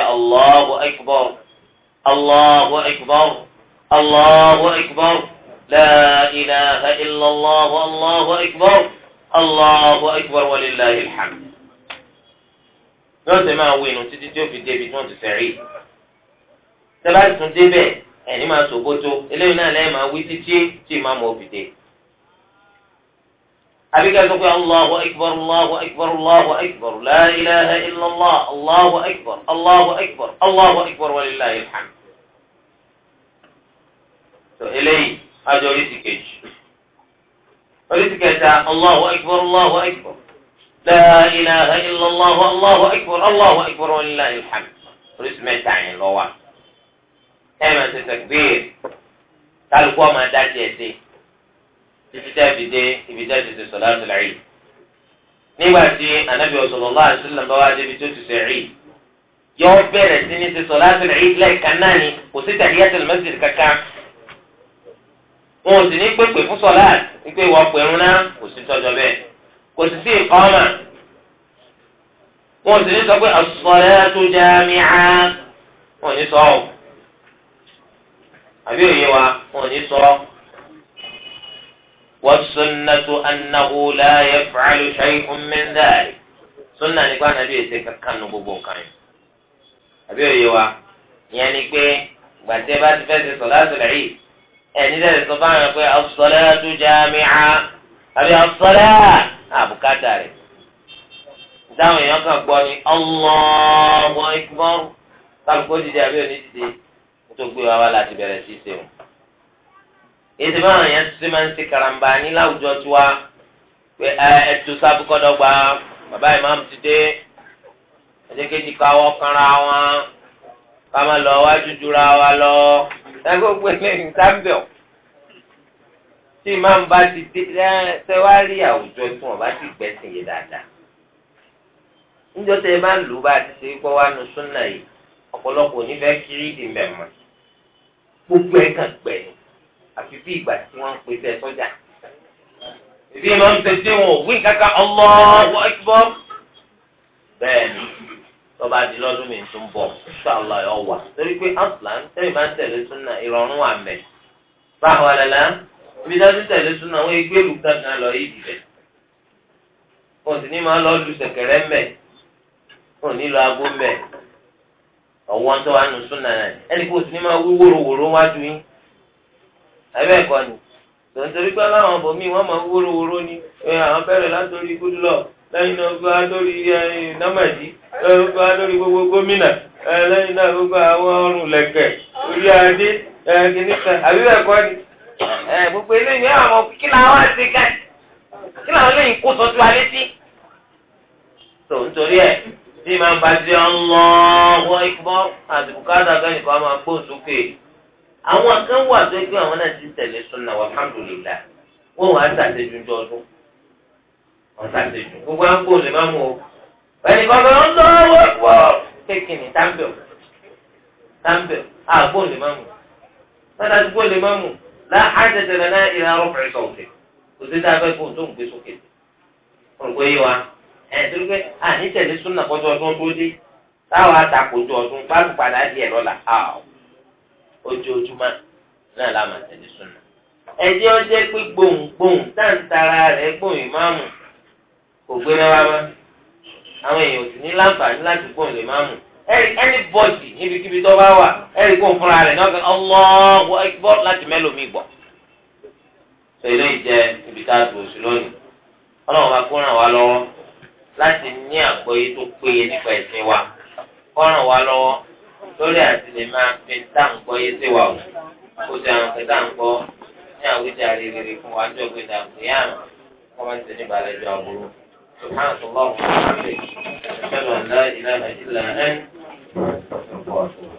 La ilaha illallah Allahu Akbar Allahu Akbar wa tẹ́lá ìtún débẹ̀ ẹ̀ní máa sòkótó eléyìí náà lẹ́yìn máa wí títí tí máa mọ̀ òfìdè. àbíkẹ́ sọ pé allahu akbar allahu akbar allahu akbar la ilaha illallah allahu akbar allahu akbar allahu akbar walillahi alhamd. tó eléyìí ajọ oríṣi kejì oríṣi kẹta allahu akbar allahu akbar la ilaha illallah allahu akbar allahu akbar walillahi alhamd oríṣi mẹ́ta yẹn lọ ẹ máa ṣe tẹ̀gbéè kálukú ọmọ adájí ẹ̀ dé títí tẹ́ fi dé ibi tẹ́ fi ṣe sọ̀lá àtúlẹ̀ rí. nígbà tí anabi sallallahu alaihi wasallam bá wá débi tó ti ṣe rí yóò bẹ̀rẹ̀ sí ní ṣe sọ̀lá àtúlẹ̀ rí lẹ́ẹ̀kan náà ni kò sí tahiyatul masjid kankan wọn ò sì ní pépè fún sọ̀lá wípé wọ́n pẹ̀rún náà kò sí tọ́jọ́ bẹ́ẹ̀ kò sì sí ìkọ́mà wọn ò sì ní sọ pé as àbí òye wa wọn ò ní sọ. wọ́sọ̀nàtò anahu la yaf'alu shay'un min dhalik sọ́nà nípa nàbí ètè kankan nu gbogbo nǹkan yìí. àbí òye wa ìyẹn ni pé gbàtẹ́ bá ti fẹ́ ṣe sọ̀láṣọ̀ lẹ́yìn ẹni tẹ̀lé sọ fáwọn pé as-salatu jami'a àbí as àbùkátà rẹ̀. ìdáhùn èèyàn kan gbọ́ ni Allahu akbar kálukó dìde àbí òní dìde nítorí pé wàá wá láti bẹ̀rẹ̀ sí ṣe o. èsì báwọn yẹn ti máa ń ṣe karambà ní láwùjọ tiwa pé ẹtù sábúkọ́dọ́gba bàbá ìmáàmù ti dé ẹ̀jẹ̀kejì káwọ́ kanra wọn ká má lọ wá jújúra wa lọ ẹgbẹ́ òpè lẹ́yìn sábẹ̀ tí ìmáàmù bá ti dé ẹ tẹ́wárí àwùjọ tí wọ́n bá ti gbẹ̀sìn yé dáadáa níjọ́ tẹ́ ẹ máa lù bá a ti ṣe kọ́ wá nu súnà yìí ọ̀pọ̀lọpọ̀ onífẹ́ kiri ìdìmẹ̀ mọ́ gbogbo ẹ̀ kàn gbẹ̀ ni àfi bí ìgbà tí wọ́n ń pè sẹ́ sọ́jà. ìdí ìmọ̀ ń tẹ̀sí wọn ò wí kankan Allahu Akbar. bẹ́ẹ̀ni tọ́ba di lọ́dún mi tún bọ̀ ṣàlọ́ ẹ̀ ọ̀wà torí pé aslan tẹ́lẹ̀ máa ń tẹ̀lé súnà ìrọ̀rùn wà mẹ́. báwo lẹ́la ibi tí wọ́n ti tẹ̀lé súnà wọ́n gbé ìlú kankan lọ yìí bẹ̀. wọ́n sì ní máa lọ́ọ́ lu sẹ̀kẹ̀rẹ̀ mẹ́ wọ́n ní lọ ọwọ́ tó wà nù súnà náà ẹnì ọ sinimá wí wórówóró wájú yín ẹbẹ́ ẹ̀kọ́ ni tòǹtòrí pé láwọn bòmí wọn máa wórówóró ni àwọn bẹ̀rẹ̀ látòrí gúdúlọ̀ lẹ́yìn náà gba lórí námàdí gba lórí gbogbo gómìnà lẹ́yìn náà gbogbo àwọn ọrùn lẹ̀kẹ̀ orí adé kìnnìkan àbí bẹ́ẹ̀ kọ́ ni gbogbo eléyìí àwọn kí làwọn àti kẹ́ kí làwọn lẹ́yìn kó sọ́jú alé sí tòǹtòrí ẹ̀. tí màá bá ti ọlọ́wọ́ ikọ́ àti bùkátà kan nìkan máa gbó sókè àwọn kan wà tó gbé àwọn náà ti tẹ̀lé sunna alhamdulillah wọ́n wà á sàtẹ́jú ní ọdún wọ́n sàtẹ́jú gbogbo à ń gbó lè má mú o ẹnì kan bẹ́ẹ̀ ọlọ́wọ́ ikọ́ kékeré tábìl tábìl àgbó lè má mú mẹ́ta ti lè má mú láàájẹjẹrẹ náà ìhà rọ̀bìrì sọ̀tẹ̀ ẹ̀ torí pé à ní tẹ̀lé súnà kọjú ọdún tó dé táwọn àtàkùjọ ọdún bá padà di ẹ̀ lọ́la ojoojúmọ́ náà la máa tẹ̀lé súnà. ẹ̀jẹ̀ ọjẹ́ pé gbohùngbohùn táǹtara rẹ̀ kò gbé náà wá àwọn èèyàn sì ní láǹfààní láti níbikíbi tó bá wà ẹ̀rí fúnra rẹ̀ náà láti ní àgbọ́yé tó péye nípa ẹ̀sìn wa kọ́ràn wa lọ́wọ́ lórí àti lè máa fi dáǹgbọ́yé sí wa o kó jẹ́ àwọn fi dáǹgbọ́ ní àwíjàre rere fún wa jọ gbé dàgbé àná kọ́ máa ń tẹ̀lé balẹ̀ jọ àbúrò. سبحانك اللهم وبحمدك أشهد أن لا إله إلا أنت أستغفرك